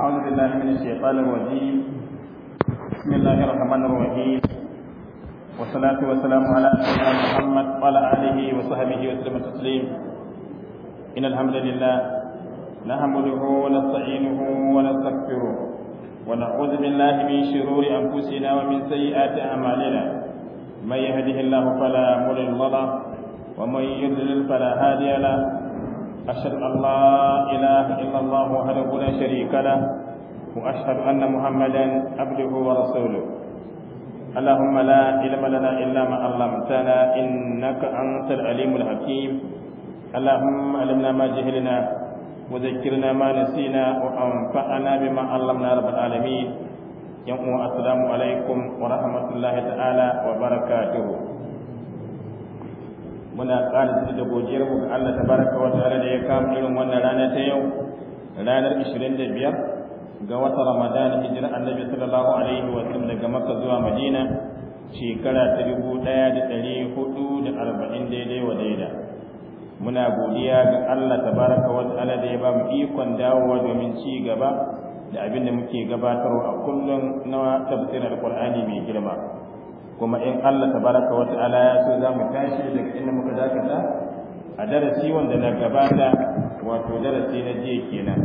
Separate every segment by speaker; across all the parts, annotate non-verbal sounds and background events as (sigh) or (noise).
Speaker 1: أعوذ بالله من الشيطان الرجيم بسم الله الرحمن الرحيم والصلاة والسلام على سيدنا محمد وعلى آله وصحبه وسلم تسليم إن الحمد لله نحمده ونستعينه ونستغفره ونعوذ بالله من شرور أنفسنا ومن سيئات أعمالنا من يهده الله فلا مضل له ومن يضلل فلا هادي له أشهد أن لا إله إلا الله وحده لا شريك له وأشهد أن محمدا عبده ورسوله اللهم لا علم لنا إلا ما علمتنا إنك أنت العليم الحكيم اللهم علمنا ما جهلنا وذكرنا ما نسينا وأنفعنا بما علمنا رب العالمين يوم السلام عليكم ورحمة الله تعالى وبركاته muna ƙara da godiyar mu ga Allah tabaraka wa ta'ala da ya kama irin wannan rana ta yau ranar 25 ga watan Ramadan hijira Annabi sallallahu alaihi wa sallam daga Makka zuwa Madina shekara ta 1440 daidai wa daida muna godiya ga Allah tabaraka wa ta'ala da ya ba mu ikon dawowa domin ci gaba da abin da muke gabatarwa a kullum na tafsirar Qur'ani mai girma kuma in Allah tabaraka wa ta'ala ya so za mu tashi daga inda muka dakata a darasi wanda na gabata wato darasi na jiya kenan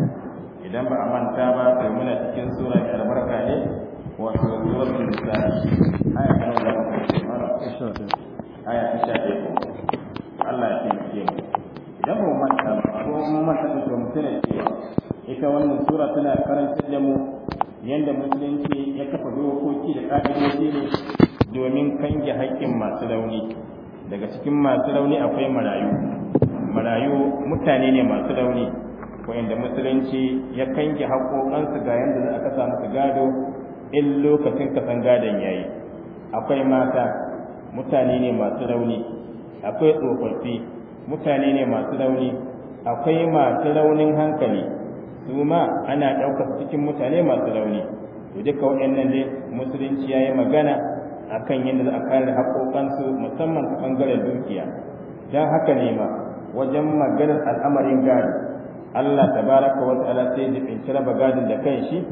Speaker 1: idan ba a manta ba to muna cikin sura mai albarka ne wato suratul nisa aya ta nuna muka ce mara aya ta sha ɗaya Allah ya taimake mu idan ba mu manta ba ko mu manta da to mutune cewa ita wannan sura tana karanta da mu yanda musulunci ya kafa dokoki da ƙa'idoji ne domin kange haƙƙin masu rauni daga cikin masu rauni akwai marayu marayu mutane ne masu rauni wa'inda musulunci ya kange haƙoƙansu ga yanda za a kasa musu gado in lokacin kasan gadon yayi akwai mata mutane ne masu rauni akwai tsofaffi mutane ne masu rauni akwai masu raunin hankali su ma ana ɗaukar cikin mutane masu rauni to duka waɗannan ne musulunci ya yi magana akan yadda za a kare haƙoƙansu musamman ta ɓangaren dukiya don haka ne ma wajen maganar al'amarin gadi Allah Ta tabaraka wa ta'ala sai jibinci raba gadin da kan shi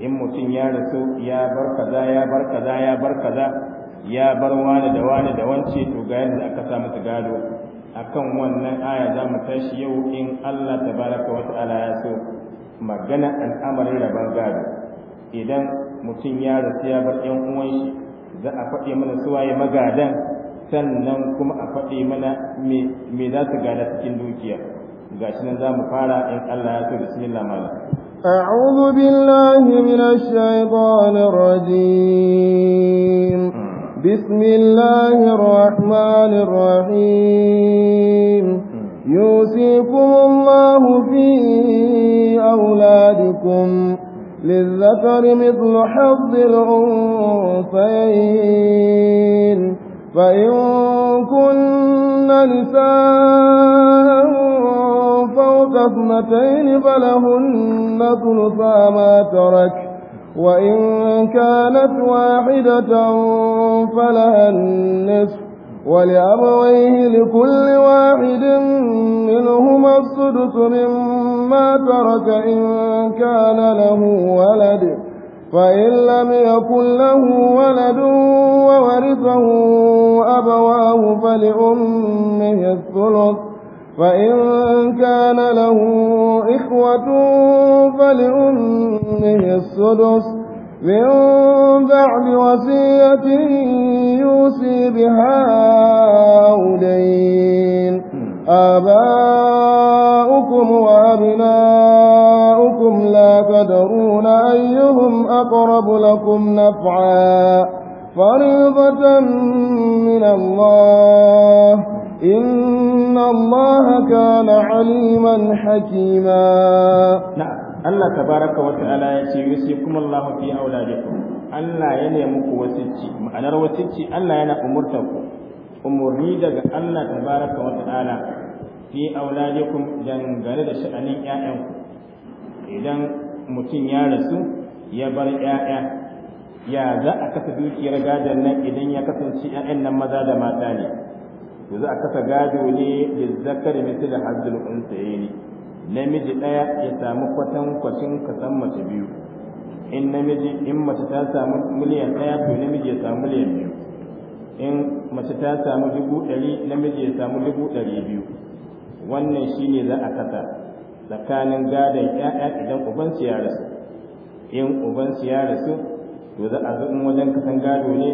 Speaker 1: in mutum ya rasu ya bar kaza ya bar kaza ya bar kaza ya bar wani da wani da wance to ga yadda aka sa masa gado A kan wannan aya za mu tashi yau in Allah tabaraka wa ta'ala ya so magana al'amarin rabon gado idan mutum ya rasu ya bar 'yan uwan za a faɗi mana suwaye magadan sannan kuma a faɗi mana me za su gada cikin dukiya shi nan za mu fara in Allah ya so bismillah
Speaker 2: malam أعوذ بالله من الشيطان الرجيم بسم الله الرحمن الرحيم يوصيكم الله في أولادكم للذكر مثل حظ الأنفين فإن كن نساء فوق اثنتين فلهن ثلثا ما ترك وإن كانت واحدة فلها النصف ولأبويه لكل واحد منهما السدس مما ما ترك إن كان له ولد فإن لم يكن له ولد وورثه أبواه فلأمه الثلث فإن كان له إخوة فلأمه السدس من بعد وصية يوصي بها أودين آباؤكم وأبناؤكم لا تدرون أيهم أقرب لكم نفعا فريضة من الله إن الله كان عليما حكيما Allah ta baraka
Speaker 1: wa ta'ala ya ce kuma Allah fi aulajikum Allah ya ne muku wasicci ma'anar wasicci Allah yana umurta ku umarni daga Allah baraka wa ta'ala fi auladikum dangane da sha'anin ƴaƴanku idan mutum ya rasu ya bar ƴaƴa ya za a kasa dukiyar gadon nan idan ya kasance ƴaƴan nan maza da mata ne to za a kasa gado ne da zakar mutu da hazzul unsaye namiji ɗaya ya samu kwatan kwacin kasan mace biyu in namiji in mace ta samu miliyan ɗaya to namiji ya samu miliyan biyu in mace ta samu dubu ɗari namiji ya samu dubu ɗari biyu wannan shi ne za a kasa tsakanin gadon ‘ya'ya idan ubansu ya rasu in ubansu ya rasu to za a in wajen kasan gado ne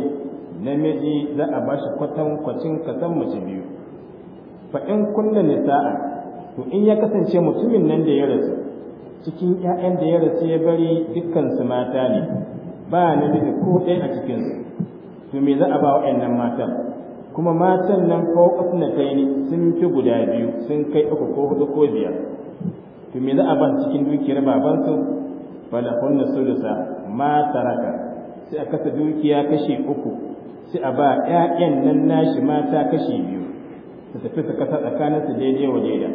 Speaker 1: namiji za a ba shi kwatankwacin kasan mace biyu fa in kunna nisa'a to in ya kasance mutumin nan da ya rasu cikin ‘ya'yan da ya rasu ya bari su mata ne ba namiji ko ɗaya a cikinsu to me za a ba waɗannan matan kuma matan nan fawqat na kai ne sun fi guda biyu sun kai uku ko hudu ko biyar to me za a ba cikin dukiyar babansu falahunna sulusa ma taraka sai a kasa dukiya kashi uku sai a ba ƴaƴan nan nashi mata kashi biyu su tafi su kasa tsakanin su daidai wa daida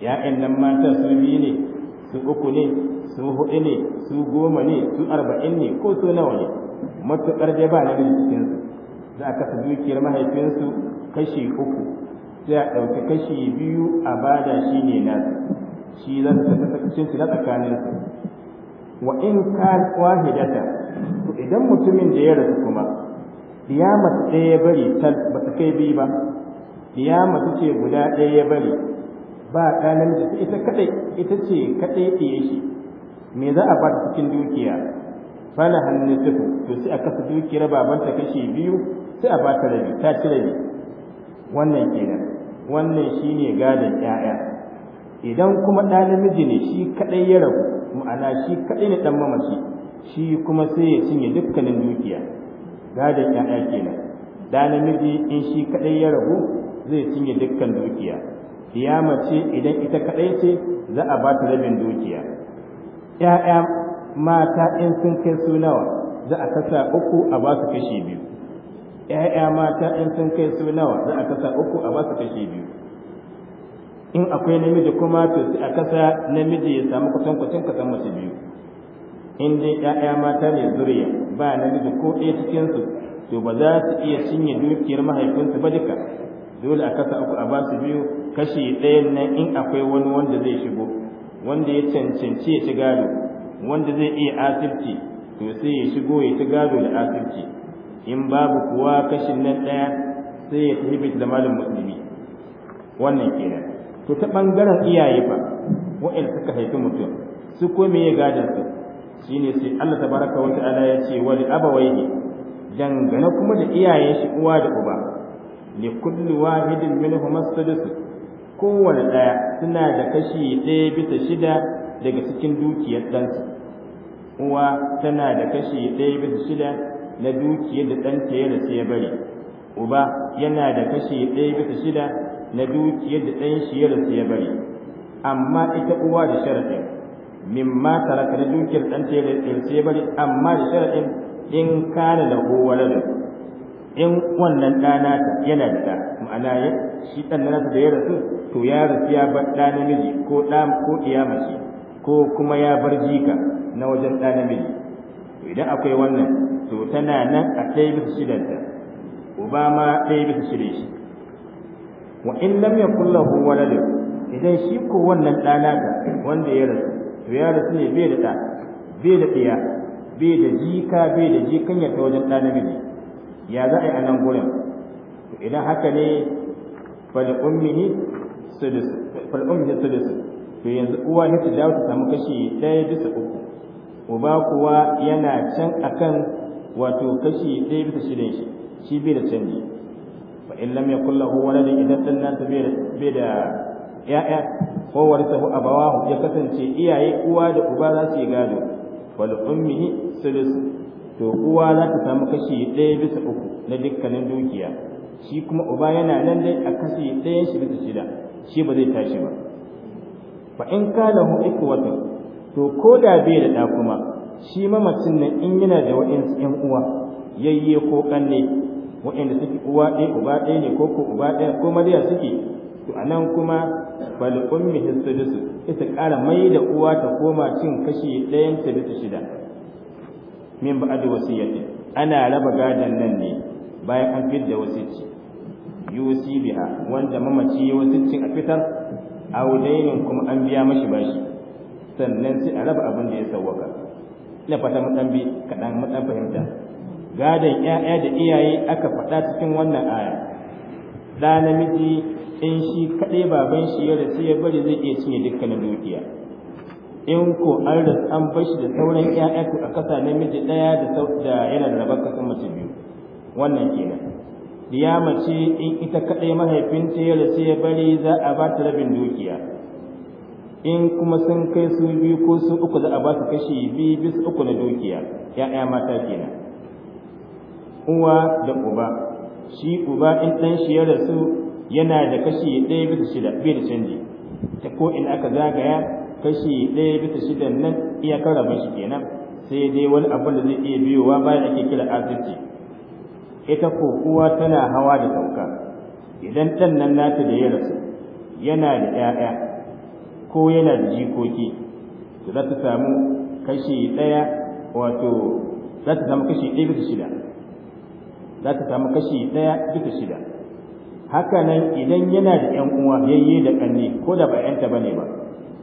Speaker 1: ƴaƴan nan mata su biyu ne su uku ne su hudu ne su goma ne su arba'in ne ko su nawa ne matuƙar dai ba namiji cikinsu za a kasa dukiyar mahaifinsu kashi uku sai a ɗauki kashi biyu a bada shi ne nasu shi za su kasa cikin na tsakaninsu wa in ka wahidata idan mutumin da ya rasu kuma kiyamata ɗaya ya bari tal ba su kai biyu ba kiyamata ce guda ɗaya ya bari ba ɗa namiji ita kaɗai ita ce kaɗai ɗaya shi me za a ba cikin dukiya fala hannu tufu to sai a kafa raba babanta kashi biyu sai a bata rabi ta ci rabi wannan kenan wannan shine gadan 'ya'ya. idan kuma ɗa namiji ne shi kaɗai ya rabu ma'ana shi kaɗai ne ɗan mamaci shi kuma sai ya cinye dukkanin dukiya gadan 'ya'ya kenan ɗa namiji in shi kaɗai ya rabu zai cinye dukkan dukiya kiyama ce idan ita kaɗai ce za a bata rabin dukiya 'ya'ya. mata in sun kai su nawa za a kasa uku a ba su kashi biyu ‘ya'ya mata in sun kai su nawa za a kasa uku a ba su kashi biyu in akwai namiji kuma to sai a kasa namiji ya samu kusan kusan kusan mace biyu in dai ‘ya'ya mata ne zuriya ba namiji ko ɗaya cikinsu to ba za su iya cinye dukiyar mahaifinsu ba duka dole a kasa uku a ba su biyu kashi ɗayan nan in akwai wani wanda zai shigo wanda ya cancanci ya ci gado wanda zai iya asirci to sai ya shigo ya ci gado da asirci in babu kuwa kashin nan ɗaya sai ya tafi da malamin musulmi wannan kenan to ta ɓangaren iyaye ba, wa'il suka haifi mutum su ko me ya gada su shine sai Allah tabaraka wa ta'ala ya ce wa li abawayhi dangane kuma da iyaye shi uwa da uba li kulli wahidin minhum as-sudus kowanne daya suna da kashi ɗaya bisa shida daga cikin dukiyar ɗansu uwa tana da kashi ɗaya bisa shida na dukiyar da ɗanta ya rasu ya bari uba yana da kashi ɗaya bisa shida na dukiyar da ɗan shi ya rasu ya bari amma ita uwa da
Speaker 3: sharaɗin
Speaker 1: ma taraka na dukiyar ɗanta ya rasu ya bari amma da sharaɗin in kana da waladu in wannan ɗana yana da ɗa ma'ana shi ɗan da ya rasu to ya rasu ya bar ɗa namiji ko ɗa ko iya mace ko kuma ya bar jika na wajen ɗa namiji idan akwai wannan to tana nan a ɗaya bisa shidanta uba ma ɗaya bisa shirin shi wa in lam yakul lahu waladun idan shi ko wannan ɗa naka wanda ya rasu to ya rasu ne bai da ɗa bai da ɗiya bai da jika bai da jikanya ta wajen ɗa namiji ya za a yi a nan gurin to idan haka ne fal ummihi sudus fal ummihi sudus to yanzu uwa sai da ta samu kashi ɗaya bisa uku uba kuwa yana can akan wato kashi ɗaya bisa shidan shi shi bai da canji fa in lam yakul lahu waladun idan dan ta bai da ya'ya ko warisahu abawahu ya kasance iyaye uwa da uba za su yi gado wal ummihi sulus to uwa za ta samu kashi ɗaya bisa uku na dukkanin dukiya shi kuma uba yana nan dai a kashi ɗayan shi bisa shida shi ba zai tashi ba fa in kana hu ikwata to ko da bai da ɗa kuma shi mamacin nan in yana da wa'insu ƴan uwa yayye ko kanne wa'inda suke uwa ɗaya uba ɗaya ne ko ko uba ɗaya ko mariya suke to anan kuma bal ummi hisdus ita kara mai da uwa ta koma cin kashi ɗayan ta bisa shida min adu wasiyati ana raba gadon nan ne bayan an fidda wasiyati yusi biha wanda mamaci wasiyati a fitar aw dainin kuma an biya mashi bashi sannan sai a raba abin da ya sauwaka ina fata mun dan bi kaɗan, mun dan fahimta gadan ƴaƴa da iyaye aka faɗa cikin wannan aya da namiji in shi kaɗai baban shi ya rasu ya bari zai iya cinye dukkanin dukiya in ko an rasu an bar shi da sauran ƴaƴa a kasa namiji ɗaya da yana da rabar kasan mace biyu wannan kenan ya mace in ita kaɗai mahaifinta ya rasu ya bari za a ba ta rabin dukiya in kuma sun kai su biyu ko su uku za a ba su kashi biyu su uku na dukiya ya'ya mata kenan uwa da uba shi uba in ɗan shi ya rasu yana da kashi ɗaya bisa shida bai da canji ta ko in aka zagaya kashi ɗaya bisa shida nan iyakar rabon shi kenan sai dai wani abin da zai iya biyowa bayan ake kira asibiti ita ko tana hawa da dauka idan dan nan nata da ya rasu yana da 'ya'ya ko yana da jikoki to za ta samu kashi ɗaya wato za ta samu kashi ɗaya bisa shida za ta samu kashi ɗaya bisa shida haka nan idan yana da 'yan uwa yayye da ƙanne ko da ba ƴanta bane ba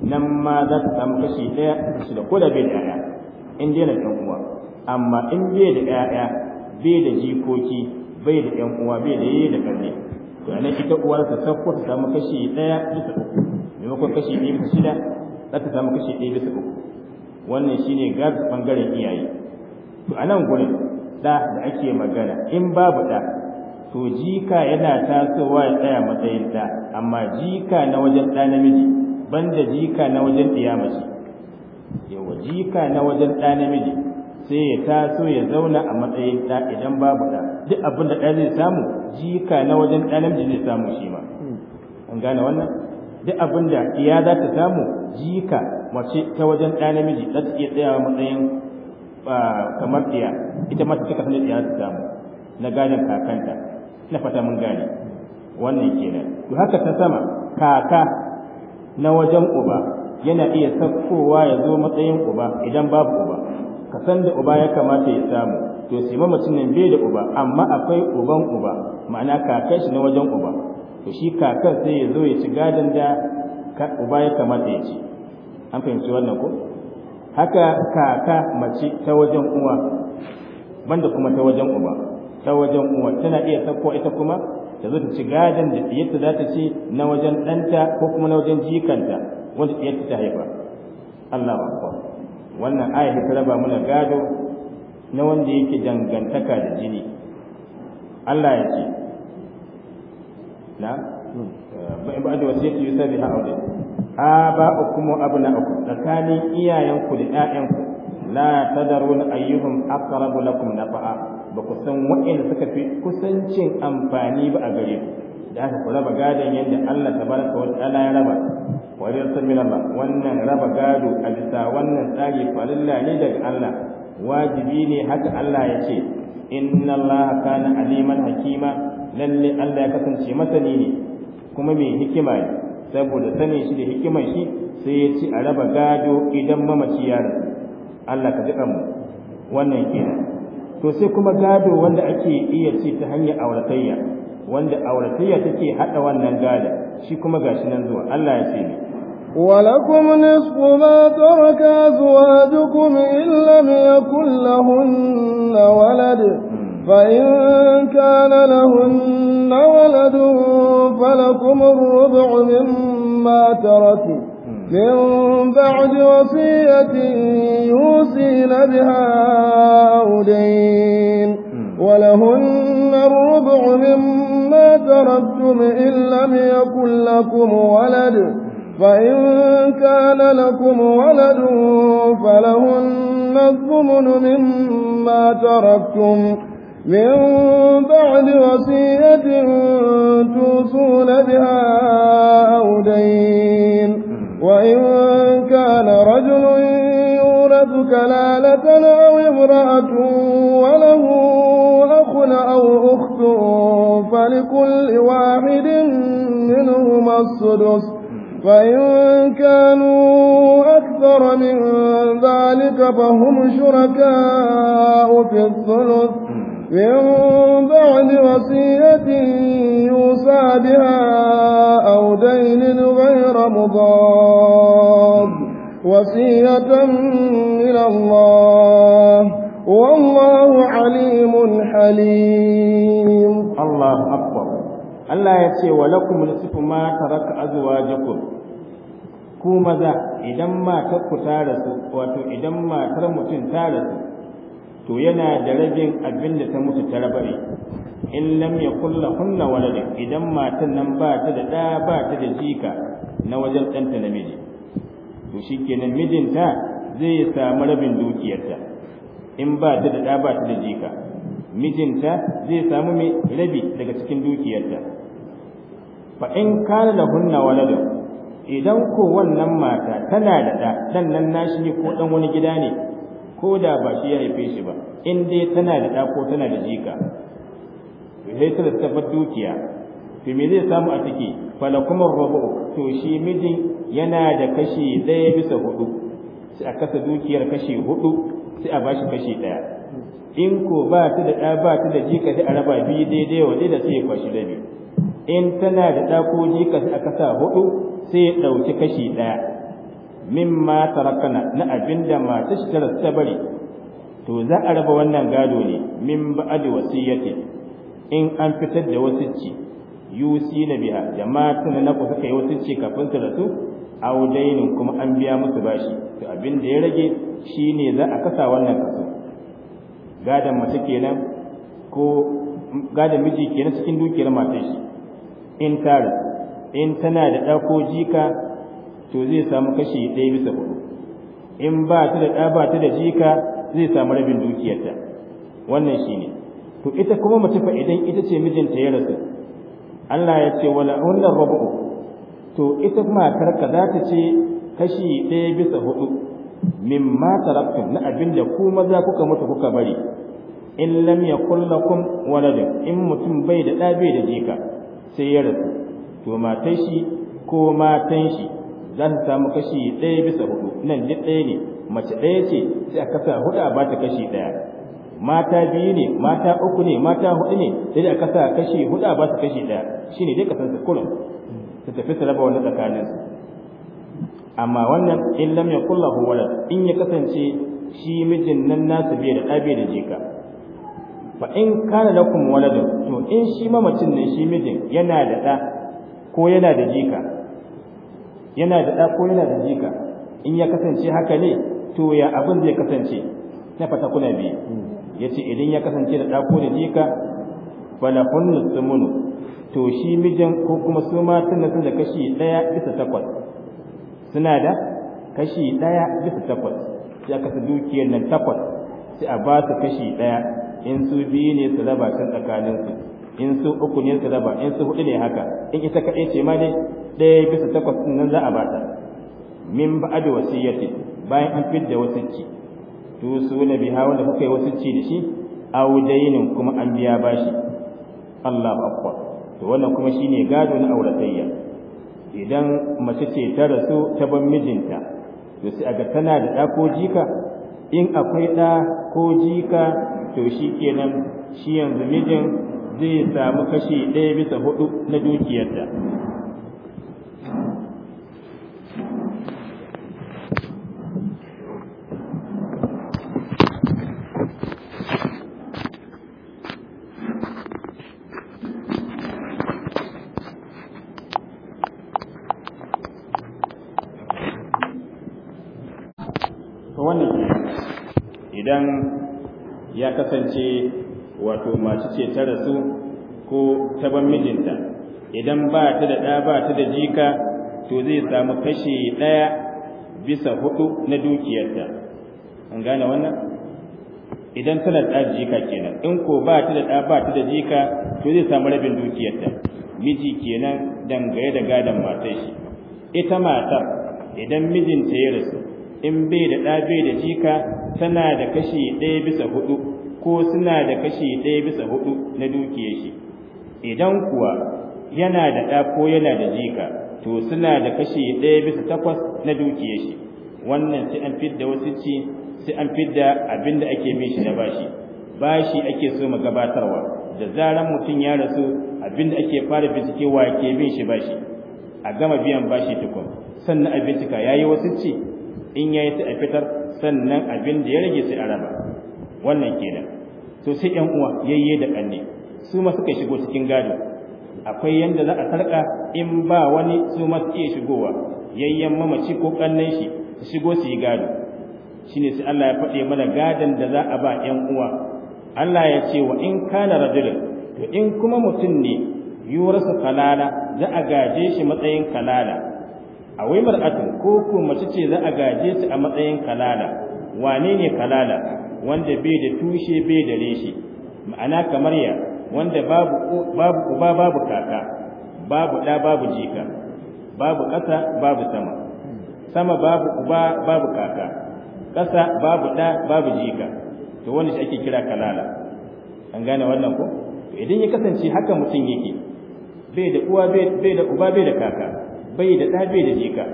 Speaker 1: nan ma za ta samu kashi ɗaya bisa shida ko da bai da 'ya'ya, in dai na ƴan uwa amma in bai da 'ya'ya. bai da jikoki bai da yan uwa bai da yayi da kalle to anan ita uwar ta ko ta samu kashi daya bisa uku maimakon kashi biyu bisa shida za ta samu kashi ɗaya bisa uku wannan shine gas bangaren iyaye to anan gure da da ake magana in babu da to jika yana tasowa ya tsaya matsayin da amma jika na wajen ɗa namiji banda jika na wajen ɗiya mace yawa jika na wajen ɗa namiji sai ya taso ya zauna a matsayin ɗa idan babu ɗa duk abin da ɗa zai samu jika na wajen ɗa namiji zai samu shi ma an gane wannan duk abin da iya za ta samu jika mace ta wajen ɗa namiji za ta iya tsayawa matsayin kamar ɗiya ita ma ta cika sanar ɗiya ta samu na ganin kakanta na fata mun gane wannan kenan to haka ta sama kaka na wajen uba yana iya sakkowa ya zo matsayin uba idan babu uba ka san da uba ya kamata ya samu to sai ma mutum nan bai da uba amma akwai uban uba ma'ana kakan shi na wajen uba to shi kakan sai ya zo ya ci gadon da uba ya kamata ya ci an fahimci wannan ko haka kaka mace ta wajen uwa banda kuma ta wajen uba ta wajen uwa tana iya sako ita kuma ta zo ta ci gadon da diyarta za ta ci na wajen ɗanta ko kuma na wajen jikanta wanda diyarta ta haifa Allah akbar wannan aya ta raba mana gado na wanda yake dangantaka da jini Allah ya ce na hmm, eh, ba da wasiyatu yusabi ha aure abu na uku tsakanin iyayenku da ƴaƴanku la tadarun ayyuhum aqrabu lakum nafa'a ba ku san wa'inda suka fi kusancin amfani ba a gare ku da aka ku raba gadon yadda Allah tabaraka wa ta'ala ya raba wajen rizqan min wannan raba gado a bisa wannan tsari falilla ne daga Allah wajibi ne haka Allah ya ce inna Allah kana aliman hakima lalle Allah ya kasance masani ne kuma mai hikima ne saboda sani shi da hikimar shi sai ya ci a raba gado idan mamaci ya rasu Allah ka jiƙa mu wannan kenan to sai kuma gado wanda ake iya ci ta hanyar auratayya wanda auratayya take haɗa wannan gada shi kuma gashi nan zuwa Allah ya ce
Speaker 2: ولكم نصف ما ترك أزواجكم إن لم يكن لهن ولد فإن كان لهن ولد فلكم الربع مما تركوا من بعد وصية يوصين بها أودين ولهن الربع مما تركتم إن لم يكن لكم ولد فإن كان لكم ولد فلهن الثمن مما تركتم من بعد وصية توصون بها أو دين وإن كان رجل يورث كلالة أو امرأة وله أخ أو أخت فلكل واحد منهما السدس فإن كانوا أكثر من ذلك فهم شركاء في الثلث من بعد وصية يوصى بها أو دين غير مضاد وصية من الله والله عليم حليم
Speaker 1: الله أكبر Allah ya ce wa lakum nisfu ma taraka azwajukum ku maza idan matar ku ta rasu wato idan matar mutum ta rasu to yana da rabin abin da ta mutu ta rabari, in lam yakul lahunna walad idan matan nan ba ta da ɗa ba ta da jika na wajen ɗanta namiji to shikenan mijinta zai samu rabin dukiyarta in ba ta da ɗa ba ta da jika mijinta zai samu mai rabi daga cikin dukiyarta fa in kana lahunna waladun idan ko wannan mata tana da ɗa sannan nan nashi ne ko ɗan wani gida ne ko da ba shi ya haife shi ba in dai tana da ɗa ko tana da jika sai ta tabbatar dukiya to me zai samu a ciki fala kuma rubu to shi mijin yana da kashi ɗaya bisa hudu sai a kasa dukiyar kashi hudu sai a bashi kashi ɗaya in ko ba ta da ɗa ba ta da jika sai a raba biyu daidai wa da sai ya kwashi da biyu in tana da ɗa a ƙasa aka hudu sai ya ɗauki kashi ɗaya mimma tarakana na abinda mata shi ta bari to za a raba wannan gado ne min ba'ad wasiyyati in an fitar da wasicci yusi na biya da matan na ku suka yi wasicci kafin su rasu audainin kuma an biya musu bashi to abin da ya rage shine za a kasa wannan kaso gadan mace kenan ko gadan miji kenan cikin dukiyar matashi. in tara in tana da ɗa ko jika to zai samu kashi ɗaya bisa hudu in ba ta da ɗa ba ta da jika zai samu rabin dukiyarta wannan shi ne. to ita kuma mace fa idan ita ce mijinta ya rasu Allah ya ce wala hunna rabu to ita kuma karka za ta ce kashi ɗaya bisa hudu Min mimma taraktum na abinda ku maza kuka mutu kuka bari in lam yakul lakum waladun in mutum bai da ɗa bai da jika sai ya rasu to matan shi ko matan shi za su samu kashi ɗaya bisa hudu nan duk ɗaya ne mace ɗaya ce sai a kasa hudu a ba ta kashi ɗaya mata biyu ne mata uku ne mata hudu ne sai a kasa kashi hudu a ba ta kashi ɗaya shine dai ka san su tafi su raba wannan tsakanin su amma wannan in lam yakul walad in ya kasance shi mijin nan nasu bai da ɗabi da jika fa in kana lakum waladun to in shi mamacin ne shi mijin yana da da ko yana da jika yana da da ko yana da jika in ya kasance haka ne to ya abin zai kasance na fata kuna bi yace idan ya kasance da da ko da jika fala kunu tumunu to shi mijin ko kuma su matan sun da kashi 1 bisa 8 suna da kashi 1 bisa 8 sai aka su dukiyar nan 8 sai a ba su kashi 1 in su biyu ne su raba kan tsakaninsu in su uku ne su raba in su hudu ne haka in ita kaɗai ce ma dai ɗaya bisa takwas ɗin nan za a bata min ba'ad wasiyyati bayan an fidda wasicci to su na biha wanda kuka yi wasicci da shi aw dainin kuma an biya bashi Allah akbar to wannan kuma shine gado na auratayya idan mace ce ta rasu ta ban mijinta to sai aga tana da ɗa ko jika in akwai ɗa ko jika to shi kenan shi yanzu mijin zai samu kashi ɗaya bisa hudu na dukiyar dukiyarta ya kasance wato mace ce ta rasu ko ta ban mijinta idan ba ta da ɗa ba ta da jika to zai samu kashi ɗaya bisa hudu na dukiyarta an gane wannan idan tana da jika kenan in ko ba ta da ɗa ba ta da jika to zai samu rabin dukiyarta miji kenan dangaye da gadon matar shi ita matar idan mijinta ya rasu in bai da ɗa bai da jika tana da kashi ɗaya bisa hudu ko suna da kashi ɗaya bisa hudu na dukiyar shi idan kuwa yana da ɗa ko yana da jika to suna da kashi ɗaya bisa takwas na dukiyar shi wannan sai an fidda ci sai an fidda abin da ake min shi na bashi bashi ake so mu gabatarwa da zaran mutum ya rasu abin da ake fara bincikewa ke bin shi bashi a gama biyan bashi tukun sannan abincika ya yi wasu ci? in yayi yi a fitar sannan abin da ya rage sai a raba wannan kenan to sai 'yan uwa yayye da kanne su ma suka shigo cikin gado akwai yanda za a sarka in ba wani su ma suke shigowa yayyen mamaci ko kannen shi su shigo su yi gado shine sai Allah ya faɗe mana gadon da za a ba 'yan uwa Allah ya ce wa in kana rajulun to in kuma mutum ne yurasa kalala za a gaje shi matsayin kalala a wai mar'atun ko ko mace ce za a gaje ta a matsayin kalala wane ne kalala wanda bai da tushe bai da reshe ma'ana kamar ya wanda babu babu uba babu kaka babu da babu jika babu ƙasa babu sama sama babu uba babu kaka ƙasa babu da babu jika to wanda shi ake kira kalala an gane wannan ko idan ya kasance haka mutum yake bai da uwa bai da uba bai da kaka bai da ɗa da jika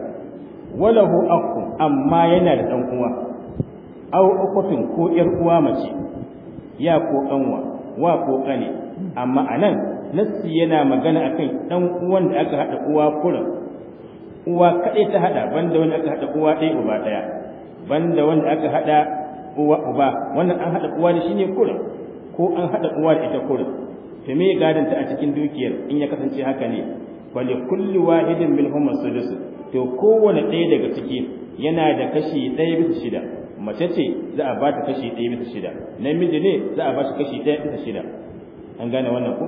Speaker 1: walahu akhu amma yana da ɗan uwa au ukutun ko ƴar uwa mace ya ko ƙanwa wa ko ƙane amma anan nassi yana magana akan ɗan uwan da aka haɗa uwa kuran uwa kaɗai ta haɗa banda wanda aka haɗa uwa ɗaya uba ɗaya banda wanda aka haɗa uwa uba wannan an haɗa uwa da shi ne kuran ko an haɗa uwa da ita kuran to me gadanta a cikin dukiyar in ya kasance haka ne fali kulli wahidin minhum as to kowane ɗaya daga ciki yana da kashi ɗaya bisa shida mace ce za a ba ta kashi ɗaya bisa shida namiji ne za a ba shi kashi ɗaya bisa shida an gane wannan ko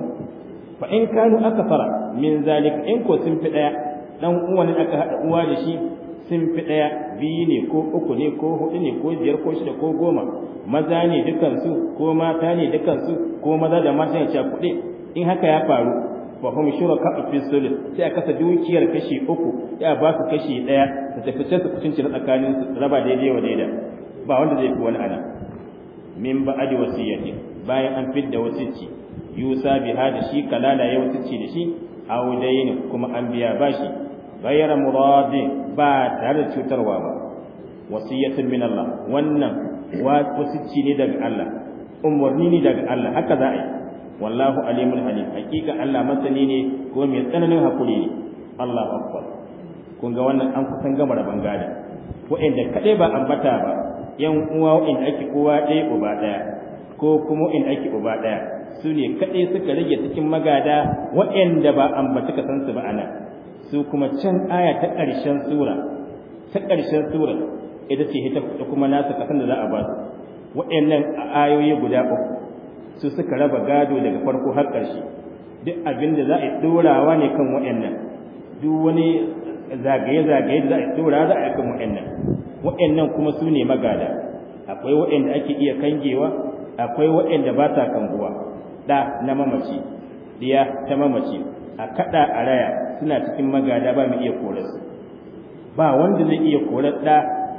Speaker 1: fa in kanu fara min zalika in ko sun fi ɗaya dan uwan da aka haɗa uwa da shi sun fi ɗaya biyu ne ko uku ne ko hudu ne ko biyar ko shida ko goma maza ne dukansu ko mata ne dukansu ko maza da mata ne cakuɗe in haka ya faru wa hum shuraka fi sulh sai a kasa dukiyar kashi uku ya ba su kashi daya da tafi sai cire kucinci tsakanin su raba daidai wa daidai. ba wanda zai fi wani ana min ba'adi wasiyati bayan an fidda wasici yusa biha da shi kalala ya wasici da shi aw dayin kuma an biya bashi bayar muradin ba tare da cutarwa ba wasiyatun min Allah wannan wasici ne daga Allah umarni ne daga Allah haka za a yi wallahu alimul halim hakika Allah masani ne ko mai tsananin hakuri ne Allah akbar kun ga wannan an kusan gama da bangada wa'anda kadai ba ambata ba yan uwa in ake kowa ɗaya uba ɗaya ko kuma wa'anda ake uba ɗaya su ne kadai suka rage cikin magada wa'anda ba ambata ka san su ba ana su kuma can aya ta ƙarshen sura ta ƙarshen sura ita ce ita kuma nasu kasan da za a ba su wa'annan ayoyi guda uku su suka raba gado daga farko har ƙarshe duk abin da za a ɗorawa ne kan waɗannan duk wani zagaye-zagaye da za a ɗora za a kan waɗannan waɗannan kuma su ne magada akwai waɗanda ake iya kangewa akwai waɗanda ba ta kanguwa ɗa na mamaci ɗiya ta mamaci a kaɗa a raya suna cikin magada ba mu iya korarsu ba wanda zai iya korar ɗa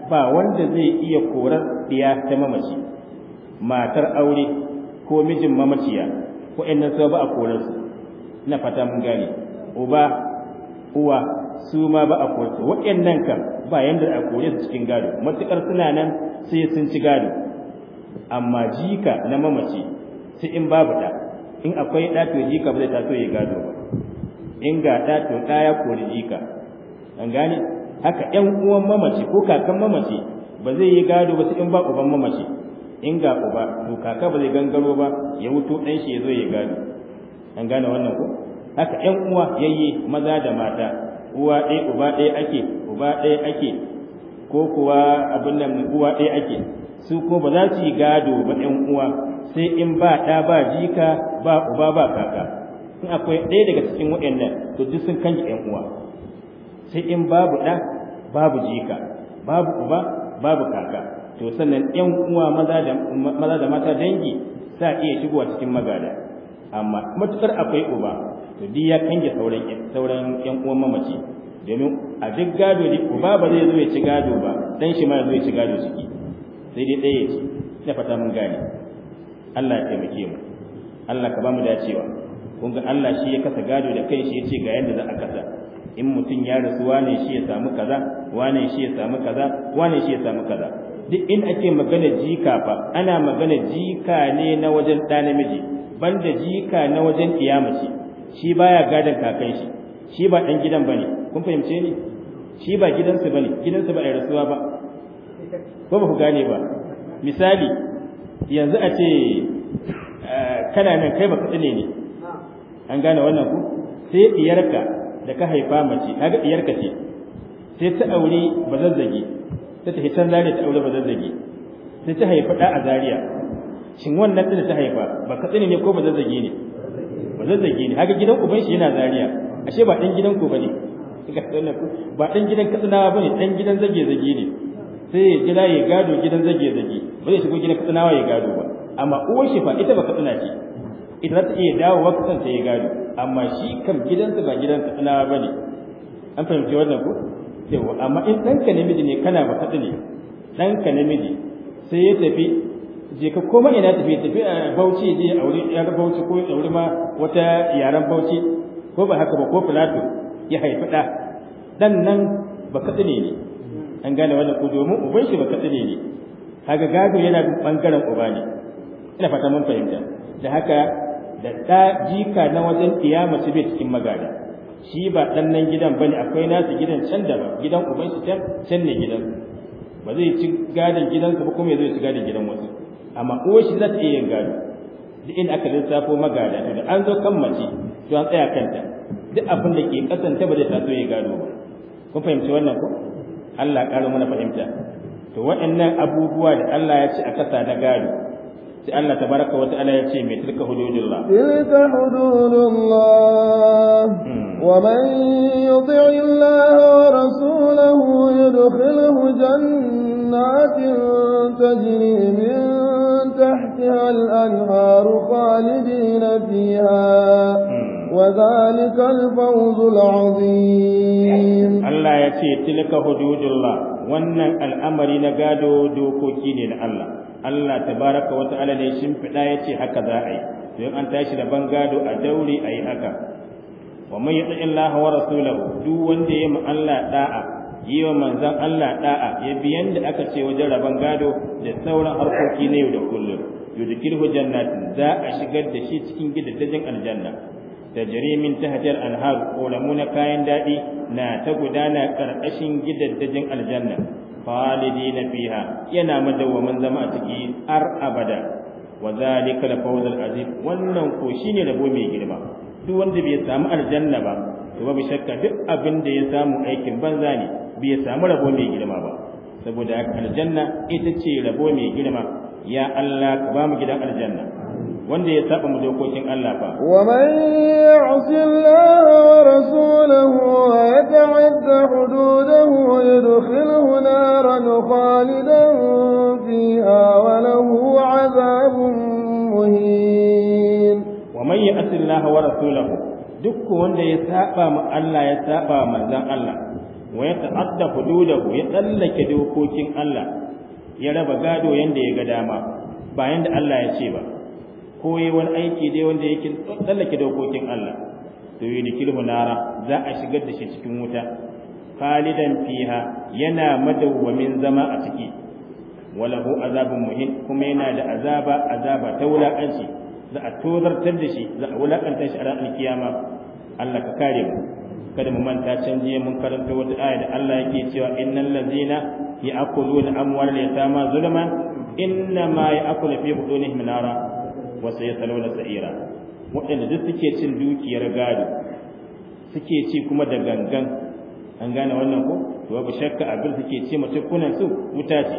Speaker 1: ba wanda zai iya korar ɗiya ta mamaci matar aure ko mijin mamaciya ko ɗan nasuwa ba a korarsu na fata mun gane uba uwa su ma ba a korarsu waɗannan kan ba yanda a kore su cikin gado matukar suna nan sai sun ci gado amma jika na mamaci sai in babu da in akwai ɗa to jika ba zai taso ya gado ba in ga ɗa to ɗa ya kori jika an gane haka ƴan uwan mamaci ko kakan mamaci ba zai yi gado ba sai in ba uban mamaci in ga uba to kaka ba zai gangaro ba ya wuto dan shi ya zo ya gado an gane wannan ko haka ƴan uwa yayye maza da mata uwa ɗaya uba ɗaya ake uba ɗaya ake ko kuwa abin nan uwa ɗaya ake su ko ba za su yi gado ba ɗan uwa sai in ba ɗa ba jika ba uba ba kaka in akwai ɗaya daga cikin waɗannan to duk sun kanki ƴan uwa sai in babu ɗa babu jika babu uba babu kaka to sannan yan uwa maza da mata dangi sa iya shigowa cikin magada amma matukar akwai uba to duk ya kange sauran sauran yan uwan mamaci domin a duk gado ne uba ba zai zo ya ci gado ba dan shi ma zai ci gado ciki sai dai ɗaya ce ina fata mun gane Allah ya taimake mu Allah ka ba mu dacewa kun ga Allah shi ya kasa gado da kai shi ya ce ga yadda za a kasa in mutum ya rasu wane shi ya samu kaza wane shi ya samu kaza wane shi ya samu kaza duk in ake magana jika fa ana magana jika ne na wajen ɗa namiji banda jika na wajen mace shi baya gadon kakan shi shi ba ɗan gidan bane kun fahimce ni shi ba gidansa bane gidansa ba a rasuwa ba ko ba ku gane ba misali yanzu a ce kana nan kai ba ka tsine ne an gane wannan ku sai diyarka da ka haifa mace kaga diyarka ce sai ta aure bazazzage ta tafi can zariya ta aure bazazzage sai ta haifa ɗa a zariya shin wannan ɗin da ta haifa ba tsini ne ko bazazzage ne bazazzage ne haka gidan uban shi yana zariya ashe ba ɗan gidan ku ba ne ba ɗan gidan katsinawa ba ne ɗan gidan zage-zage ne sai ya jira ya gado gidan zage-zage ba zai shigo gidan katsinawa ya gado ba amma uwar shi fa ita ba katsina ce ita za ta iya dawowa kasan ta ya gado amma shi kan gidansa ba gidan katsinawa ba ne an fahimci wannan ku yawa amma in ɗanka namiji ne kana ba kaɗi ne ɗanka namiji sai ya tafi je ka koma ina tafi tafi a eh, bauchi je a wuri yar bauchi ko a wuri ma wata yaren bauchi ko ba haka ba ko filato ya haifi ɗa ɗan nan ba kaɗi ne an gane wannan ko domin uban shi ba kaɗi ne kaga gado yana bangaren uba ne ina fata mun fahimta da haka da ɗa jika na wajen kiyama su bai cikin magana shi ba dan nan gidan bane akwai nasu gidan can da ba gidan uban shi can can ne gidan ba zai ci gadin gidansa ba kuma zai ci gadin gidan wasu amma uwar shi za ta iya yin gado duk inda aka lissafo magada to da an zo kan mace to an tsaya kanta duk abin da ke kasanta ba zai taso ya gado ba kun fahimci wannan ko Allah ya ƙara mana fahimta to waɗannan abubuwa da Allah ya ci a kasa na gado sai Allah tabaraka wa ta'ala ya ce tilka hududullah
Speaker 2: tilka hududullah hmm. wa man yuti' Allah wa rasulahu yudkhiluhu jannatin tajri min tahtiha al-anhar khalidin fiha وذلك الفوز العظيم
Speaker 1: الله wannan al'amari na gado dokoki ne na Allah Allah tabaraka wa ta'ala ne shimfiɗa ya ce haka za a yi to in an tashi da ban gado a daure a yi haka wa man yuti Allah wa rasulahu duk wanda ya Allah da'a yi wa manzon Allah da'a ya bi yanda aka ce wajen raban gado da sauran harkoki na yau da kullum yudkilhu jannatin za a shigar da shi cikin gidajen aljanna Da jarimin ta Hajar anhar ko na kayan daɗi na ta gudana ƙarƙashin gidajen aljanna khalidina fiha yana madawwamin zama a ciki har abada wa zalika al azim wannan ko shine rabo mai girma duk wanda bai samu aljanna ba to babu shakka duk abin da ya samu aikin banza ne bai samu rabo mai girma ba saboda aljanna ita ce rabo mai girma ya Allah ka ba mu gidan aljanna wanda ya saba mu dokokin
Speaker 2: Allah fa wa man ya'si Allah wa rasulahu wa yata'adda hududahu yudkhilhu naran khalidan fiha wa lahu 'adabun muhin
Speaker 1: wa man ya'si Allah wa rasulahu duk wanda ya saba mu Allah ya saba manzon Allah wa yata'adda hududahu ya tsallake dokokin Allah ya raba gado yanda ya ga dama ba yanda Allah ya ce ba ko yi wani aiki dai wanda yake tsallake dokokin Allah to yi kilmu nara za a shigar da shi cikin wuta khalidan fiha yana madawwamin zama a ciki walahu azabun muhin kuma yana da azaba azaba ta wulakanci za a tozartar da shi za a wulakanta shi a ran alkiyama Allah ka kare mu kada mu manta can jiya mun karanta wata aya da Allah yake cewa innal ladzina ya'kuluna amwalal yatama zulman inna ma ya'kulu fi budunihim nara wasu ya na sa'ira waɗanda duk suke cin dukiyar gado suke ci kuma da gangan an gane wannan ko to babu shakka abin suke ce mace kunan su wuta ce